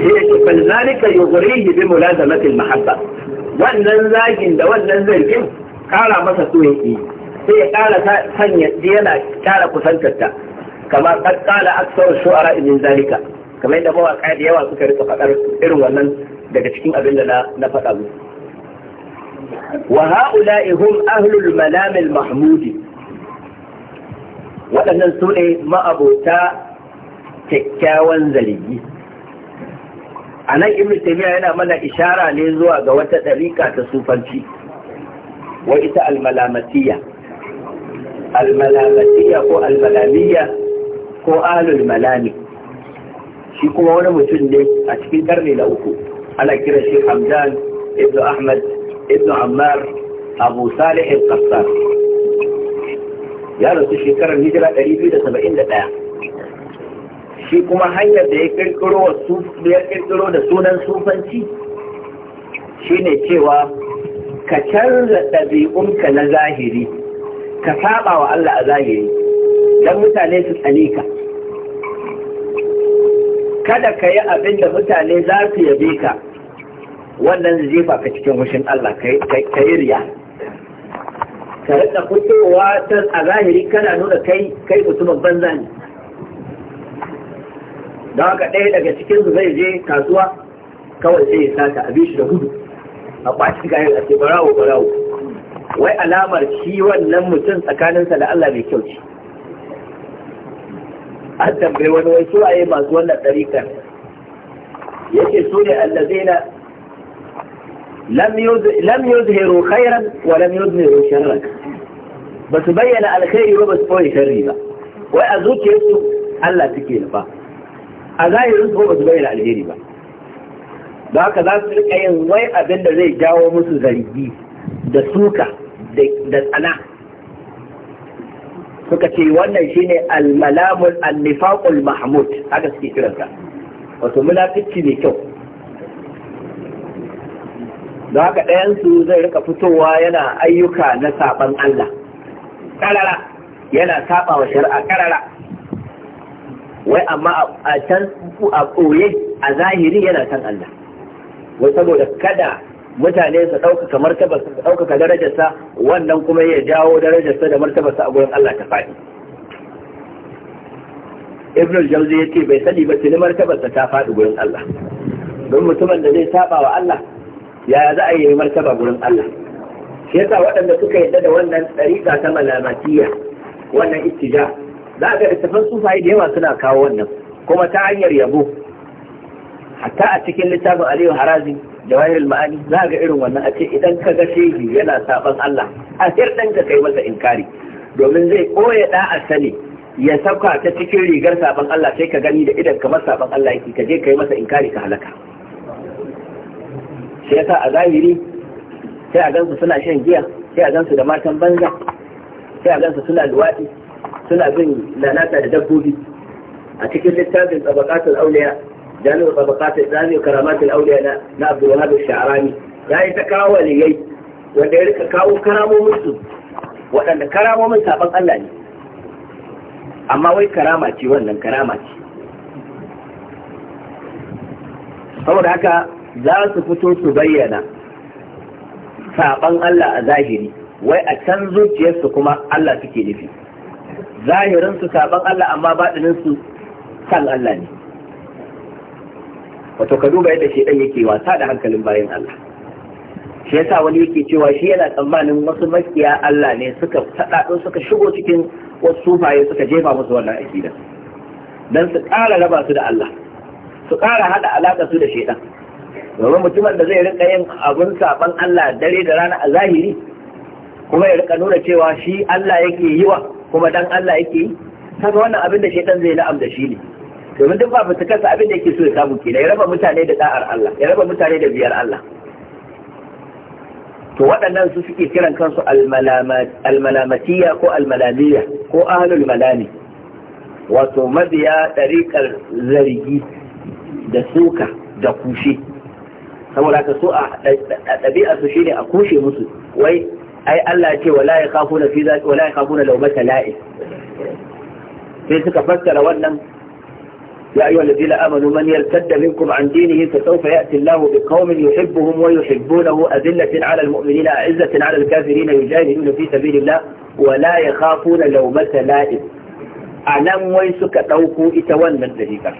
sai falzalika yughrihi bi mulazamatil mahabba wannan zagin da wannan zargin kara masa so yake sai ya ƙara sanya yana ƙara kusantarta kama kad qala aktsaru shu'ara min zalika kamar yadda mawaƙa da yawa suka rika faɗar irin wannan daga cikin abin da na faɗa musu wa ha'ula'i hum ahlul malam al mahmudi waɗannan su ne ma'abota kyakkyawan zargi a nan ibn taymiya yana mana ishara ne zuwa ga wata ɗariƙa ta sufanci wa ita almalamatiya almalamatiya ko almalamiya ko ahlul malami shi kuma wani mutum ne a cikin karni na uku ana kira shi hamdan ibn ahmad ibn ammar abu salih al-qassar ya rasu shekarar hijira 271 shi kuma hanyar da ya kirkiro ya kirkiro da sunan sufanci shine cewa ka canza ɗabi'unka na zahiri ka saba wa Allah a zahiri don mutane su tsani ka kada ka yi abin da mutane za su yabe ka wannan jefa ka cikin wushin Allah ka yi riya ka rika fitowa ta a zahiri kana nuna kai kai mutumin banza ne da haka ɗaya daga cikin su zai je kasuwa kawai sai ya sata a da gudu a ɓacin gayar a ce barawo barawo wai alamar shi wannan mutum tsakaninsa da Allah mai kyau ce an tambayi wani wai su waye masu wannan ɗarikar yake su ne allazina lam yuzhiru khairan wa lam yuzhiru sharran ba su bayyana alkhairi ba ba su koyi sharri ba wai a zuciyarsu Allah suke ba a zahirin su ba su bayyana alheri ba ba ka za su rika yin wai abin da zai jawo musu zargi da suka da tsana suka ce wannan shine al-malamul an mahmud haka suke kiransa wato munafici ne kyau don haka ɗayansu zai rika fitowa yana ayyuka na saban Allah ƙarara yana saba wa shari'a ƙarara wai amma a can a ɓoye a zahiri yana san Allah wai saboda kada mutane su ɗaukaka martabarsa su ɗaukaka darajarsa wannan kuma ya jawo darajarsa da martabarsa a gurin Allah ta faɗi ibn Jauzi ya ce bai sani ba tuni martabarsa ta faɗi gurin Allah don mutumin da zai saba wa Allah yaya za a yi martaba gurin Allah shi yasa waɗanda suka yadda da wannan ɗariƙa ta malamatiya wannan ittija za a ga littafan sufaye da yawa suna kawo wannan kuma ta hanyar yabo hatta a cikin littafin Aliyu Harazi jawahirul ma'ani za ga irin wannan a ce idan ka ga shehi yana saban Allah a ɗan ka kai masa inkari domin zai koya da sani ya saka ta cikin rigar saban Allah sai ka gani da idan kamar saban Allah yake ka je kai masa inkari ka halaka sai yasa a zahiri sai a gansu suna shan giya sai a gansu da matan banza sai a gansu suna luwaɗi suna bin lalata da dabbobi a cikin littafin tsabakatul auliya جامع طبقات الإسلام وكرامات الأولياء نا عبد الوهاب الشعراني لا يتكاوى لي wanda ya rika kawo karamomin waɗanda karamomin saɓon Allah ne amma wai karama ce wannan karama ce saboda haka za su fito su bayyana saɓon Allah a zahiri wai a can zuciyarsu kuma Allah suke nufi zahirinsu saɓon Allah amma baɗininsu san Allah ne wato ka duba yadda shedan yake wasa da hankalin bayan Allah shi yasa wani yake cewa shi yana tsammanin wasu makiya Allah ne suka fadado suka shigo cikin wasu sufaye suka jefa musu wannan akida dan su ƙara raba su da Allah su ƙara hada alaka su da shedan domin mutumin da zai rinka yin abun saban Allah dare da rana a zahiri kuma ya rika nuna cewa shi Allah yake yi wa kuma dan Allah yake yi kaga wannan abin da shedan zai la'am da shi ne domin duk ba fita kansa abin da yake so ya samu kenan ya raba mutane da da'ar Allah ya raba mutane da biyar Allah to waɗannan su suke kiran kansu almalamatiya ko almalamiya ko ahlul malami wato mabiya ɗariƙar zargi da suka da kushe saboda ka so a ɗabi'a su shine a kushe musu wai ai Allah ce wala ya kafuna wala ya kafu na laumata la'i sai suka fassara wannan يا أيها الذين آمنوا من يرتد منكم عن دينه فسوف يأتي الله بقوم يحبهم ويحبونه أذلة على المؤمنين أعزة على الكافرين يجاهدون في سبيل الله ولا يخافون لومة لائم أعلم ويسك توكو إتوان من ذلك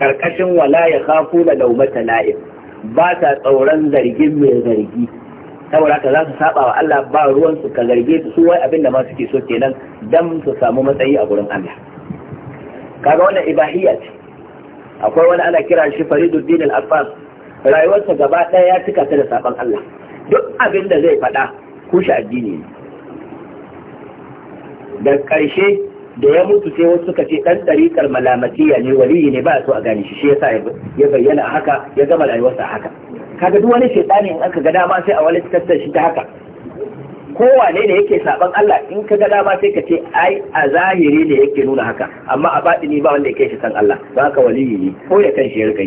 كركش ولا يخافون لومة لائم باتا طورا ذرجين من ذرجين saboda لا za su saba wa Allah ba ruwan su ka zarge su su wai abin da ma suke so kenan dan su samu matsayi a gurin Allah kaga wannan ibahiyya ce akwai wani ana kira shi fariduddin al-abbas rayuwarsa gaba ɗaya ya cika ta da sabon Allah duk abin da zai faɗa kushi addini ne da karshe da ya mutu sai wasu suka ce dan ɗariƙar malamatiya ne waliyi ne ba so a gane shi shi yasa ya bayyana haka ya gama rayuwarsa haka kaga duk wani shaitani in aka ga dama sai a wani tattar shi ta haka kowane ne yake saban Allah in ka ga dama sai ka ce ai a zahiri ne yake nuna haka amma a batini ba wanda yake shi san Allah ba ka waliyi ne ko ya kan shi ya rika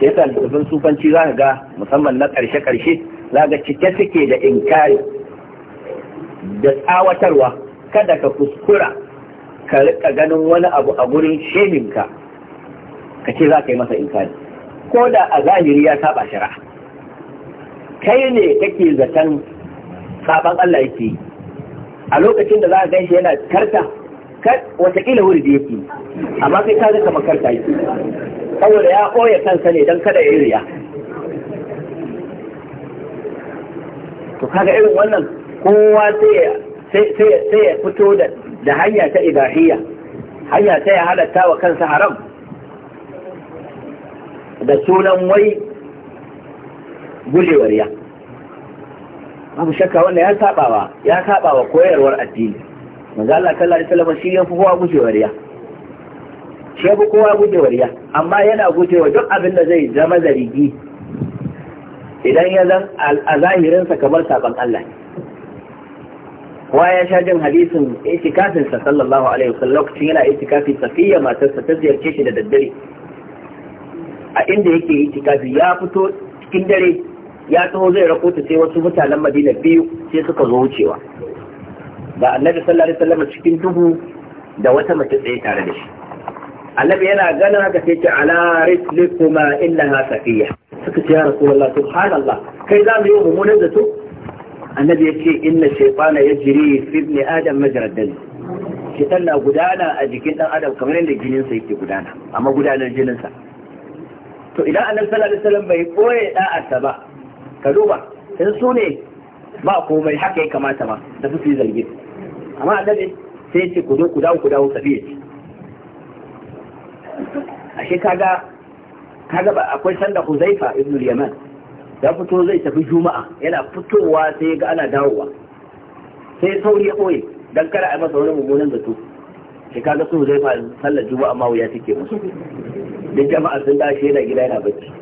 shi yasa sufanci za ka ga musamman na ƙarshe-ƙarshe? za ga cike suke da inkari da tsawatarwa kada ka kuskura ka rika ganin wani abu a gurin sheminka ka ce za ka yi masa inkari ko da a zahiri ya saba shari'a kai ne kake zaton saban Allah yake a lokacin da za a ganshi yana karta watakila da yake amma kai ka zaka makarta yake saboda ya koya kansa ne don kada ya yi riya to kaga irin wannan kowa sai ya fito da hanya ta ibahiyya hanya ta ya halatta wa kansa haram da sunan wai Gulewar ya abu shakka wanda ya sabawa ya sabawa koyarwar addini manzo Allah sallallahu alaihi wasallam shi ya fi kowa gujewar ya shi ya fi kowa gujewar ya amma yana gujewa duk abin da zai zama zargi idan ya zan a zahirinsa kamar saban Allah ne kowa ya sha jin hadisin sa sallallahu alaihi wasallam lokacin yana itikafi safiya sa ta ziyarce shi da daddare a inda yake itikafi ya fito cikin dare ya taho zai rako sai wasu mutanen madina biyu sai suka zo wucewa da annabi sallallahu alaihi wasallam cikin duhu da wata mace tsaye tare da shi annabi yana ganin haka sai ce ala rislikuma innaha safiya suka ce ya rasulullah subhanallah kai za mu yi mummunan zato annabi yace inna shaytana yajri fi ibn adam majra dal shaytan na gudana a jikin dan adam kamar yadda jininsa yake gudana amma gudanar jininsa. to idan annabi sallallahu alaihi wasallam bai koye da'arsa ba ka duba in su ne ba komai haka ya kamata ba da su yi zargi amma annabi sai ce ku zo ku dawo ku dawo sabiya ce ashe kaga kaga ba akwai sanda Huzaifa ibn al-Yaman ya fito zai tafi Juma'a yana fitowa sai ga ana dawowa sai sauri ya koye dan kada a masa wani mummunan zato shi kaga su Huzaifa sallar Juma'a ma wuya take musu da jama'a sun dashi yana gida yana bacci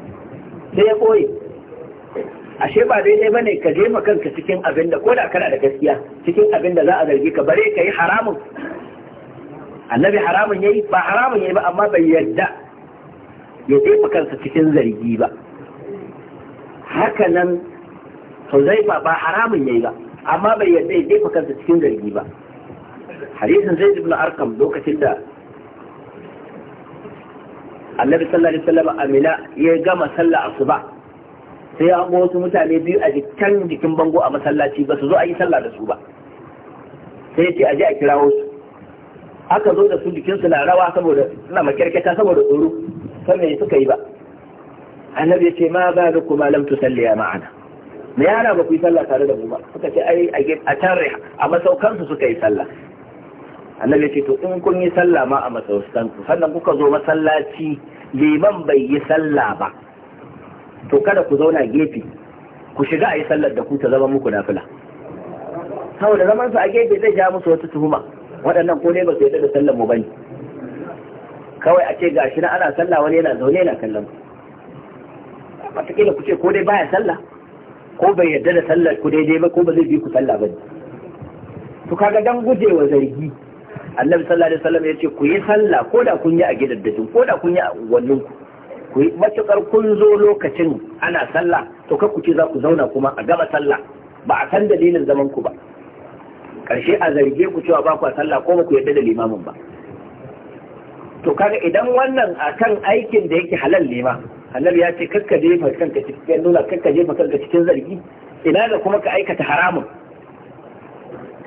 sai ya koyi. ashe ba daidai ba ne ka jefa makanka cikin abin da koda kana da gaskiya cikin abin da za a zargi ka bare ka yi haramun annabi haramun yi ba haramun yi ba amma bai yadda ya jefa kansa cikin zargi ba hakanan nan huzaifa ba haramun yi ba amma bai yadda ya jefa kansa cikin zargi ba hadisin zai zubna arkam lokacin da annabi sallallahu alaihi wasallam amina ya gama sallah asuba sai ya hango wasu mutane biyu a jikin jikin bango a masallaci ba su zo a yi sallah da su ba sai ce a je a kirawo su aka zo da su su na rawa saboda suna makyarkyata saboda tsoro sannan suka yi ba annabi ya ce ma ba da kuma lam ya ma'ana me yana ba ku yi sallah tare da mu ba suka ce ai a tare a masaukansu suka yi sallah annabi ce to in kun yi sallah ma a masaukansu sannan kuka zo masallaci liman bai yi sallah ba to kada ku zauna gefe ku shiga a yi sallar da ku ta zama muku nafila saboda zaman su a gefe zai ja musu wata tuhuma waɗannan ko ne ba su yarda da sallar mu bane kawai a ce shi na ana sallah wani yana zaune yana kallon wataƙila ku ce ko dai baya sallah ko bai yarda da sallar ku daidai ba ko ba zai bi ku sallah ba to kaga dan gujewa zargi annabi sallallahu alaihi wasallam ya ce ku yi sallah ko da kun yi a gidaddajin ko da kun yi a unguwannin ku ku yi matukar kun zo lokacin ana sallah to ka za ku zauna kuma a gaba sallah ba a san dalilin zaman ku ba karshe a zarge ku cewa ba ku sallah ko ba ku yarda da limamin ba to kaga idan wannan akan aikin da yake halal lima, ma ya ce kakka jefa kanka cikin nuna kakka jefa kanka cikin zargi ina da kuma ka aikata haramun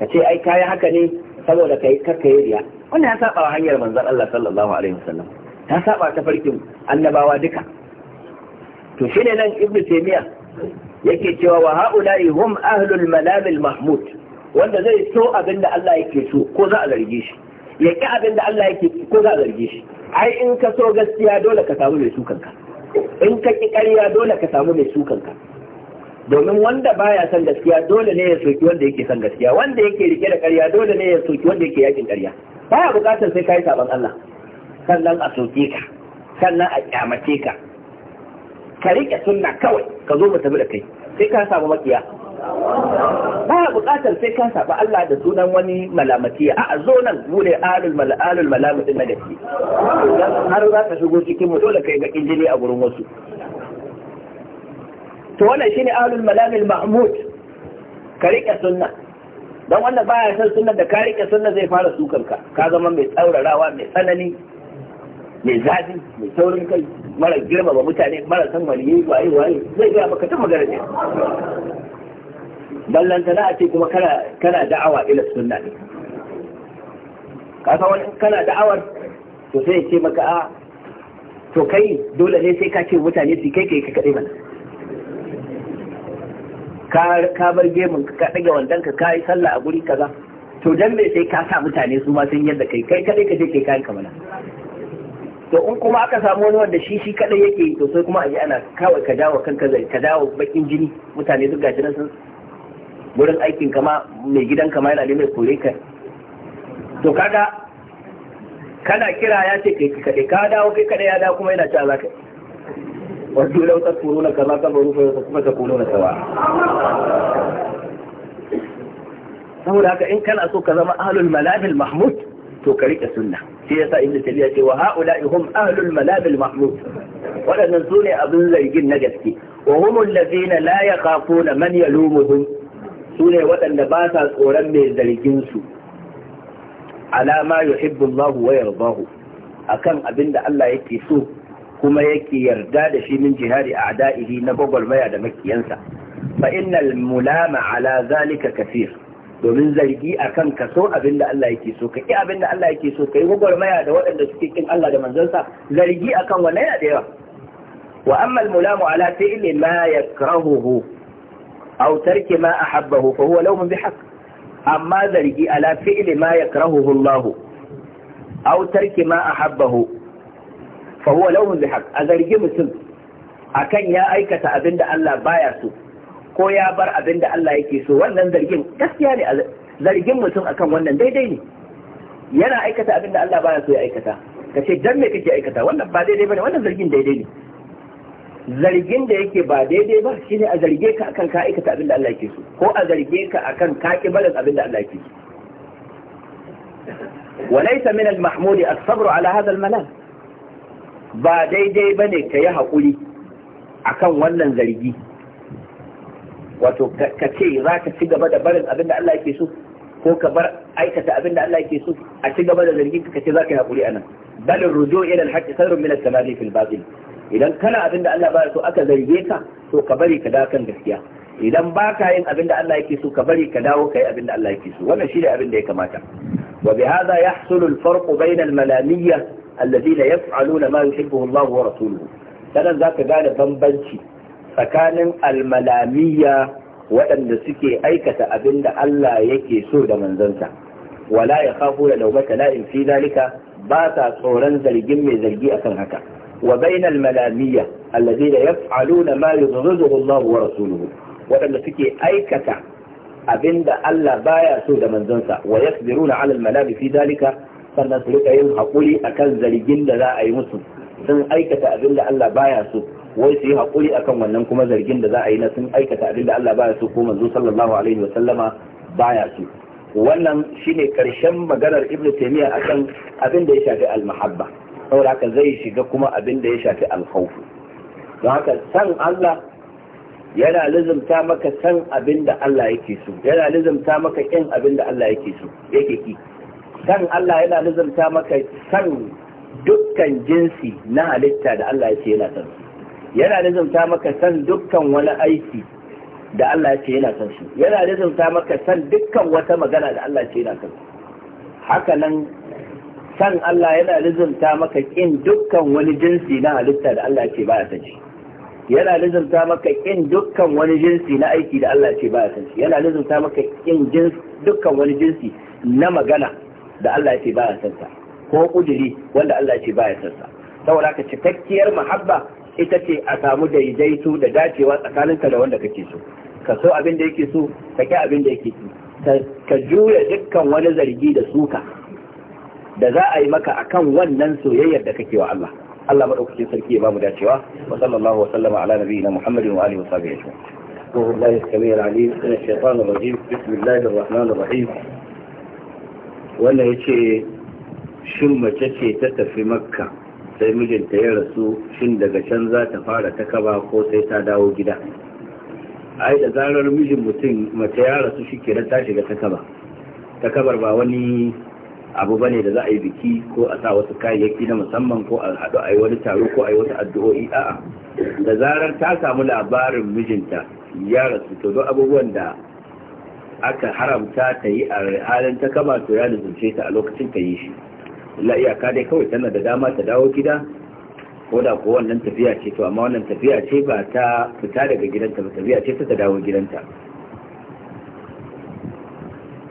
ka ce ai kayi haka ne saboda kai kakka yariya riya wannan ya saba hanyar manzon Allah sallallahu alaihi wasallam ta saba ta farkin annabawa duka to shine nan ibnu taymiya yake cewa wa haula'i hum ahlul malamil mahmud wanda zai so abin da Allah yake so ko za a zarge shi ya ki abin da Allah yake ko za a zarge shi ai in ka so gaskiya dole ka samu mai sukanka in ka ki ƙarya dole ka samu mai sukanka domin wanda baya son gaskiya dole ne ya soki wanda yake son gaskiya wanda yake rike da ƙarya dole ne ya soki wanda yake yakin ƙarya baya buƙatar sai kai saban Allah sannan a sauke ka sannan a kyamace ka ka rike sunna kawai ka zo mu tafi da kai sai ka samu makiya ba buƙatar sai ka saba Allah da sunan wani malamatiya a zo nan mu ne alul malalul malamatin da shi har za ka shigo cikin mu dole kai ga injini a gurin wasu to wannan shine alul malamil mahmud ka rike sunna dan wannan baya san sunna da ka rike sunna zai fara sukan ka ka zama mai tsaurarawa mai tsanani mai zafi mai saurin kai mara girma ba mutane mara san waliyi waye waye zai gaya baka ta magana ne ballanta na a ce kuma kana kana da'awa ila sunna ne ka san wani kana da'awar to sai ya ce maka a ah, to kai dole ne sai ka ce mutane su kai kai ka kaɗai mana ka bar gemun ka ɗaga wandan ka ka yi sallah a guri kaza to dan me sai ka sa mutane su ma sun yadda kai kai kaɗai ka je kai kayan kamala to in kuma aka samu wani wanda shi shi kadai yake yi to sai kuma a yi ana kawai ka dawo kanka zai ka dawo bakin jini mutane duk gashi nan sun wurin aikin kama mai gidan kama yana neman kore ka to kaga kana kira ya ce kai kade ka dawo kai kadai ya dawo kuma yana cewa za ka wasu lau na kama kama rufe kuma tsakuruna sawa saboda haka in kana so ka zama ahlul malahil mahmud to ka rike sunna shi yasa ibnu tabiya ce wa haula'i hum ahlul malabil mahmud wadannan su ne abin zargin na gaske wa hum allazina la yakhafuna man yalumuhum su ne waɗanda ba sa tsoron mai zargin su alama yuhibbu Allah wa yardahu akan abinda Allah yake so kuma yake yarda da shi min jihadi a ada'ihi na gwagwarmaya da makiyansa fa innal mulama ala zalika kafir domin zargi a kan ka so abin da Allah yake so ka ƙi abin da Allah yake so ka yi gwagwarmaya da waɗanda suke ƙin Allah da manzansa zargi a kan wannan yana da yawa wa amma al-mulamu ala fi'li ma yakrahuhu aw tarki ma ahabbahu fa huwa lawmun bihaq amma zargi ala fi'li ma yakrahuhu Allah aw tarki ma ahabbahu fa huwa lawmun bihaq a zargi mutum akan ya aikata abin da Allah baya so ko ya bar abin da Allah yake so wannan zargin gaskiya ne zargin mutum akan wannan daidai ne yana aikata abin da Allah baya so ya aikata ka ce dan me kake aikata wannan ba daidai bane wannan zargin daidai ne zargin da yake ba daidai ba shine a zarge ka akan ka aikata abin da Allah yake so ko a zarge ka akan ka ki barin abin da Allah yake so وليس من المحمود الصبر على هذا الملام ba daidai bane ka yi haƙuri akan wannan zargi wato ka ce za ka ci gaba da barin abin da Allah yake so ko ka bar aikata abin da Allah yake so a ci gaba da zargin ka ce za ka yi hakuri anan bal rujo ila al-haqqi khairun min al-tamadi fil batil idan kana abin da Allah baya so aka zarge ka to ka bari ka dawo kan gaskiya idan ba ka yin abin da Allah yake so ka bari ka dawo kai yi abin da Allah yake so wannan shi ne abin da ya kamata wa bi hadha yahsulu al-farqu bayna al-malaniyya alladhina yaf'aluna ma yuhibbuhu Allah wa rasuluhu sanan zaka gane bambanci tsakanin almalamiya waɗanda suke aikata abin da Allah yake so da manzansa wala ya kafu da laumata la'in fi ba sa tsoron zargin mai zargi akan haka wa bainal malamiya alladhina yaf'aluna ma yuzhiruhu Allah wa rasuluhu waɗanda suke aikata abinda Allah baya so da manzansa wa yasbiruna 'ala al fi zalika sannan su rika yin hakuri akan zargin da za a yi musu sun aikata abinda Allah baya so wai su yi haƙuri akan wannan kuma zargin da za a yi na sun aikata abin da Allah baya so ko manzo sallallahu alaihi wa sallama baya so wannan shine karshen maganar Ibn Taymiyyah akan abin da ya shafi al-mahabba saboda haka zai shiga kuma abin da ya shafi al-khawf don haka san Allah yana lizumta maka san abin da Allah yake so yana lizumta maka kin abin da Allah yake so yake ki san Allah yana lizumta maka san dukkan jinsi na halitta da Allah ya ce yana san su yana nizumta maka san dukkan wani aiki da Allah ya ce yana san shi yana nizumta maka san dukkan wata magana da Allah ya ce yana san haka nan san Allah yana nizumta maka kin dukkan wani jinsi na halitta da Allah ya ce baya san shi yana nizumta maka kin dukkan wani jinsi na aiki da Allah ya ce baya san shi yana nizumta maka kin jinsi dukkan wani jinsi na magana da Allah ya ce baya san sa ko kuduri wanda Allah ya ce baya san sa saboda ka cikakkiyar mahabba ita ce a samu daidaito da dacewa tsakaninka da wanda kake so ka so abin da yake so ka ki abin da yake so ka juya dukkan wani zargi da suka da za a yi maka akan wannan soyayyar da kake wa Allah Allah madaukakin sarki ya bamu dacewa wa sallallahu wa sallama ala nabiyina Muhammadin wa alihi wa sahbihi ajma'in أعوذ بالله السميع العليم من الشيطان الرجيم بسم الله الرحمن الرحيم وأنا يجي شمة تتفي مكة sai mijinta ya rasu shin daga can za ta fara ta kaba ko sai ta dawo gida ai da zarar mijin mutum mace ya rasu shi ke ta shiga ta kaba ta kabar ba wani abu bane da za a yi biki ko a sa wasu kayayyaki na musamman ko a haɗu a yi wani taro ko a yi wasu addu'o'i a'a da zarar ta samu labarin mijinta ya rasu to don abubuwan da aka haramta ta yi a halin ta kaba to ya nufin ta a lokacin ta yi shi la iyaka dai kawai tana da dama ta dawo gida ko da ko wannan tafiya ce to amma wannan tafiya ce ba ta fita daga gidanta ba tafiya ce ta dawo gidanta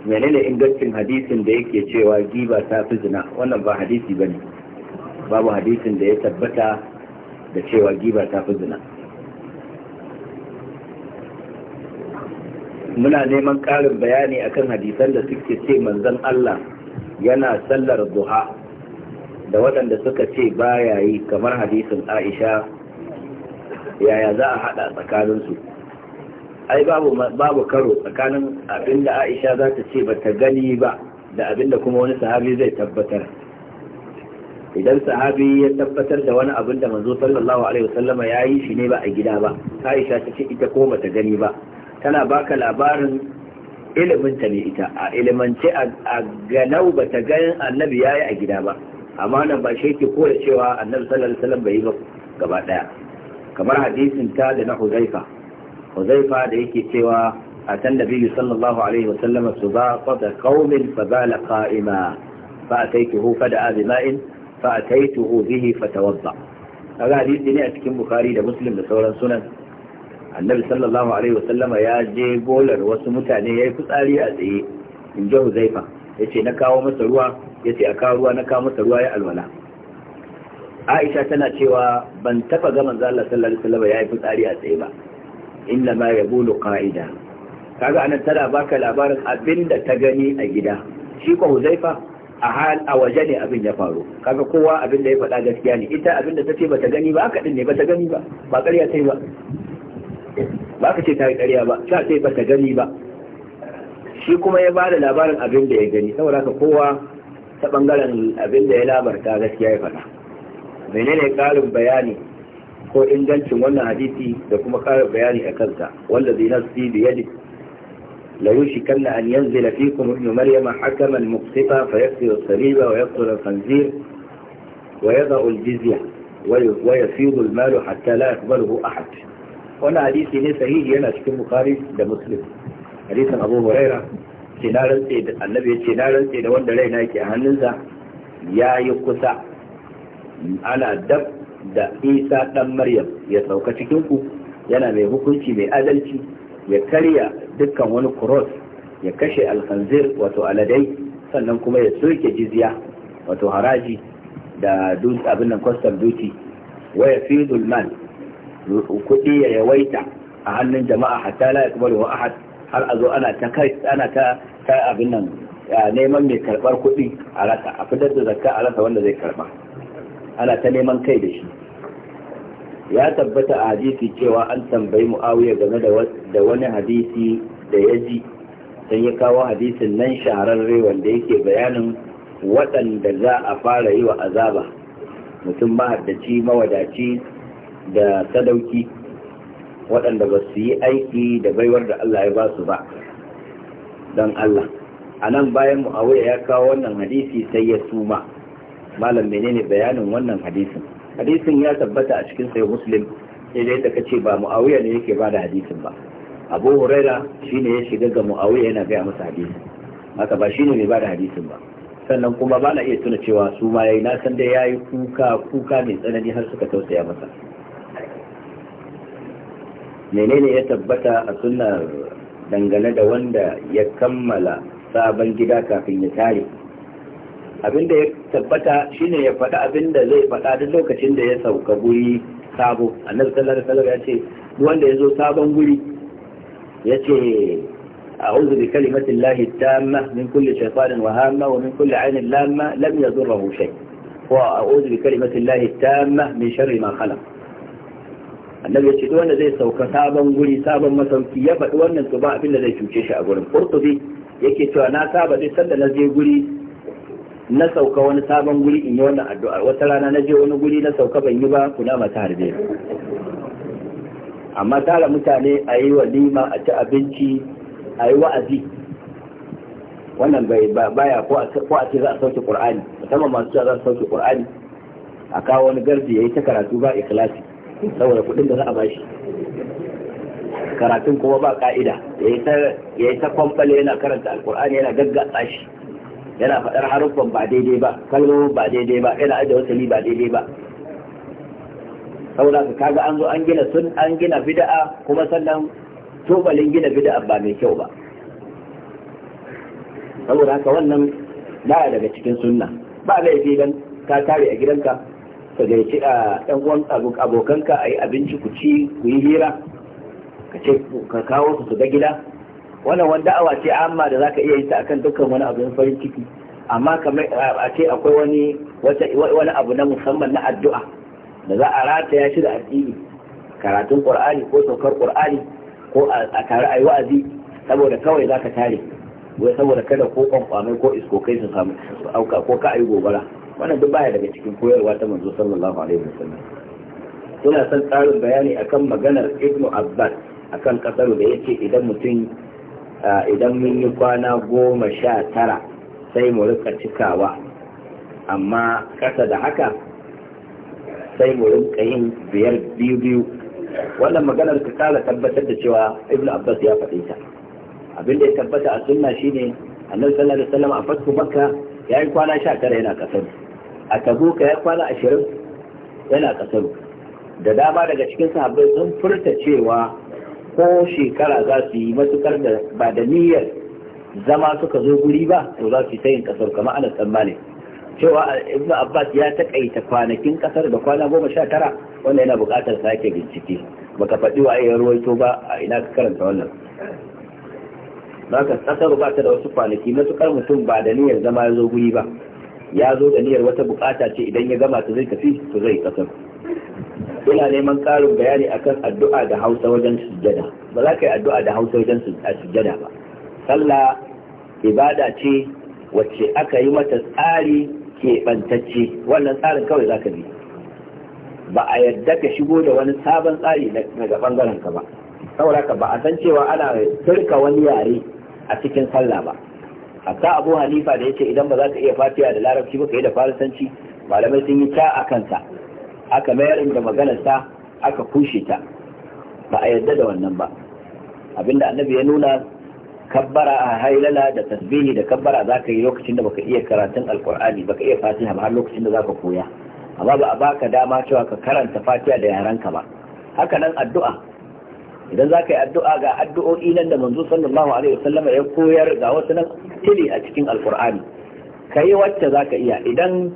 menene ingancin hadisin da yake cewa giba ta fi zina wannan ba hadisi bane babu hadisin da ya tabbata da cewa giba ta fi zina muna neman ƙarin bayani akan hadisan da suke ce manzon Allah yana sallar duha da waɗanda suka ce baya yi kamar hadisin aisha yaya za a haɗa tsakaninsu ai babu karo tsakanin abinda aisha za ta ce bata gani ba da abinda kuma wani sahabi zai tabbatar idan sahabi ya tabbatar da wani abin da manzo sallallahu alaihi wasallama ya yi shi ne ba a gida ba aisha ta ce ita ko bata gani ba tana baka labarin ilimin ta ne ita a ilimance a ganau ba ta ganin annabi ya yi a gida ba amma nan ba shi ke kore cewa annabi sallallahu bai yi ba gaba daya kamar hadisin ta da na huzaifa huzaifa da yake cewa a san da biyu sallallahu alaihi wasallam su ba ko da kaumin fa ba la qa'ima fa ataytuhu fa da'a bi ma'in fa ataytuhu bihi fa tawadda kaga hadisi ne a cikin bukhari da muslim da sauran sunan annabi sallallahu alaihi wasallama ya je bolar wasu mutane ya yi fitsari a tsaye in ji huzaifa ya ce na kawo masa ruwa ya ce a kawo ruwa na kawo masa ruwa ya alwala aisha tana cewa ban taba ga manzo Allah sallallahu alaihi wasallama ya yi fitsari a tsaye ba inna ma yaqulu qa'ida kaga anan tana baka labarin abinda ta gani a gida shi ko huzaifa a hal a waje ne abin ya faru kaga kowa abin da ya faɗa gaskiya ne ita abin da ta ce ba ta gani ba aka din ne ta gani ba ba ƙarya ta yi ba ba ka ce ta yi ƙarya ba ta ce ba ta gani ba shi kuma ya bada labarin abin da ya gani saboda ka kowa ta bangaren abin da ya labarta gaskiya ya faɗa menene ƙarin bayani ko ingancin wannan hadisi da kuma ƙarin bayani a kansa wanda zai nasi yadi la yushi yushikanna an yanzila fikum ibn maryama hakaman muqsita fa yaqtilu as-saliba wa yaqtulu al-khanzir wa yada'u al-jizya wa yafidu al-mal hatta la yaqbaluhu ahad wani hadisi ne sahihi yana cikin bukhari da muslim hadisin abu huraira ce na rantse da annabi ya ce na rantse da wanda raina yake a hannunsa ya yi kusa ana dab da isa dan maryam ya sauka cikin ku yana mai hukunci mai adalci ya karya dukkan wani cross ya kashe alkhanzir wato aladai sannan kuma ya soke jizya wato haraji da abin nan custom duty wa yafidul mal kuɗi ya yawaita a hannun jama'a hatta la yaqbalu wa ahad har a zo ana ta kai ana ta ta abin nan neman mai karbar kuɗi a rasa a fitar da zakka a rasa wanda zai karba ana ta neman kai da shi ya tabbata a hadisi cewa an tambayi muawiya game da wani hadisi da ya ji sun ya kawo hadisin nan shahararre wanda yake bayanin waɗanda za a fara yi wa azaba mutum mahaddaci mawadaci da sadauki waɗanda ba su yi aiki da baiwar da Allah ya ba su ba don Allah a nan bayan mu'awiya ya kawo wannan hadisi sai ya suma malam menene bayanin wannan hadisin hadisin ya tabbata a cikin sai muslim sai da kace ba mu'awiya ne yake ba da hadisin ba abu huraira shine ya shiga ga mu'awiya yana gaya masa hadisin haka ba shine mai ba da hadisin ba sannan kuma ba na iya tuna cewa su ma yayi na san da yayi kuka kuka mai tsanani har suka tausaya masa menene ya tabbata a suna dangane da wanda ya kammala sabon gida kafin ya tare abinda ya tabbata shine ya faɗa abinda zai faɗa duk lokacin da ya sauka guri sabo annabi sallallahu alaihi wasallam ya ce wanda ya zo sabon guri ya ce أعوذ بكلمة الله wa من wa شيطان وهامة ومن كل عين لامة لم يضره شيء وأعوذ بكلمة الله التامة min شر ma خلق annabi ya ce duk wanda zai sauka sabon guri sabon masauki ya faɗi wannan to ba abin da zai cuce shi a gurin qurtubi yake cewa na saba dai sanda na je guri na sauka wani sabon guri in yi wannan addu'a wata rana na je wani guri na sauka ban yi ba kuna ta harbe amma tara mutane a yi walima a ci abinci a yi wa'azi wannan bai baya ko a ce za a sauke qur'ani musamman masu cewa za su sauke qur'ani a kawo wani garbi ya yi ta karatu ba ikhlasi saboda kuɗin da za a bashi karatun kuma ba ka'ida ya yi ta kwamfale yana karanta alkur'ani yana gaggatsa shi yana faɗar haruffan ba daidai ba kalmomin ba daidai ba yana ajiye wata ba daidai ba saboda ka kaga an zo an gina sun an gina bid'a kuma sannan tubalin gina bida'a ba mai kyau ba saboda haka wannan baya daga cikin sunna ba laifi dan ka tare a gidanka ka gaici a ɗan uwan abokanka a yi abinci ku ci ku yi hira ka ce ka kawo su su ga gida wannan wanda da'awa ce amma da zaka iya yi ta akan dukkan wani abin farin ciki amma a ce akwai wani wani abu na musamman na addu'a da za a rataya shi da addini karatun qur'ani ko saukar qur'ani ko a tare a yi wa'azi saboda kawai zaka tare wai saboda kada ko kwankwamai ko iskokai su samu auka ko ka ayi gobara wannan duk baya daga cikin koyarwa ta manzo sallallahu alaihi wasallam kuna son tsarin bayani akan maganar ibnu abbas akan kasar da yake idan mutum idan mun yi kwana goma sha tara sai mu rika cikawa amma kasa da haka sai mu rika yin biyar biyu biyu wannan maganar ka kala tabbatar da cewa ibnu abbas ya faɗi ta abin da ya tabbata a sunna shine annabi sallallahu alaihi wasallam a fatku makka yayin kwana 19 yana kasar a ka ya kwana ashirin yana kasaru da dama daga cikin sahabbai sun furta cewa ko shekara za su yi matukar da ba da niyyar zama suka zo guri ba to za su yi tayin kasar kama ana tsammani cewa ibn abbas ya takaita kwanakin kasar da kwana goma sha tara wanda yana buƙatar sake bincike baka faɗi wa ya ruwaito ba a ina ka karanta wannan za ka ƙasar ba ta da wasu kwanaki matukar mutum ba da niyyar zama ya zo guri ba ya zo da niyyar wata bukata ce idan ya gama ta zai tafi to zai kasar ina neman karin bayani akan addu'a da hausa wajen sujjada ba za ka yi addu'a da hausa wajen sujjada ba sallah ibada ce wacce aka yi mata tsari keɓantacce wannan tsarin kawai za ka bi ba a yadda ka shigo da wani sabon tsari daga bangaren ka ba saboda ka ba a san cewa ana turka wani yare a cikin sallah ba hatta abu hanifa da yace idan ba za ka iya fatiha da larabci ba ka yi da farisanci malamai sun yi ta a kansa aka mayar da maganarsa aka kushe ta ba a yarda da wannan ba abinda annabi ya nuna kabbara a hailala da tasbihi da kabbara za ka yi lokacin da baka iya karatun alkur'ani baka iya fatiha ba har lokacin da za ka koya amma ba a baka dama cewa ka karanta fatiha da yaranka ba haka nan addu'a idan za ka yi addu'a ga addu'o'i nan da manzo sallallahu alaihi wasallama ya koyar ga wasu nan tili a cikin alkur'ani ka yi wacce za ka iya idan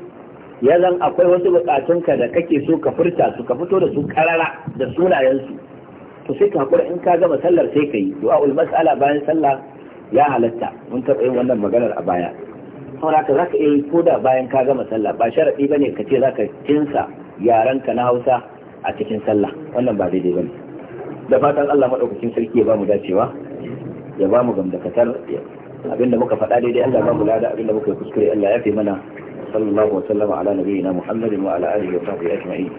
ya zan akwai wasu bukatunka da kake so ka furta su ka fito da su karara da sunayensu to sai ka in ka gama sallar sai ka yi ul mas'ala bayan sallah ya halatta mun taɓa yin wannan maganar a baya saboda za ka iya yi ko da bayan ka gama sallah ba sharaɗi ne ka ce za zaka kinsa ka na Hausa a cikin sallah wannan ba daidai ba ne. da fatan Allah madaukakin sarki ya ba mu dacewa ya ba mu gamdakatar abinda muka faɗa daidai Allah ba mu lada abinda muka kuskure Allah ya fi mana sallallahu wa sallama ala nabiyyina Muhammadin wa ala alihi wa sahbihi ajma'in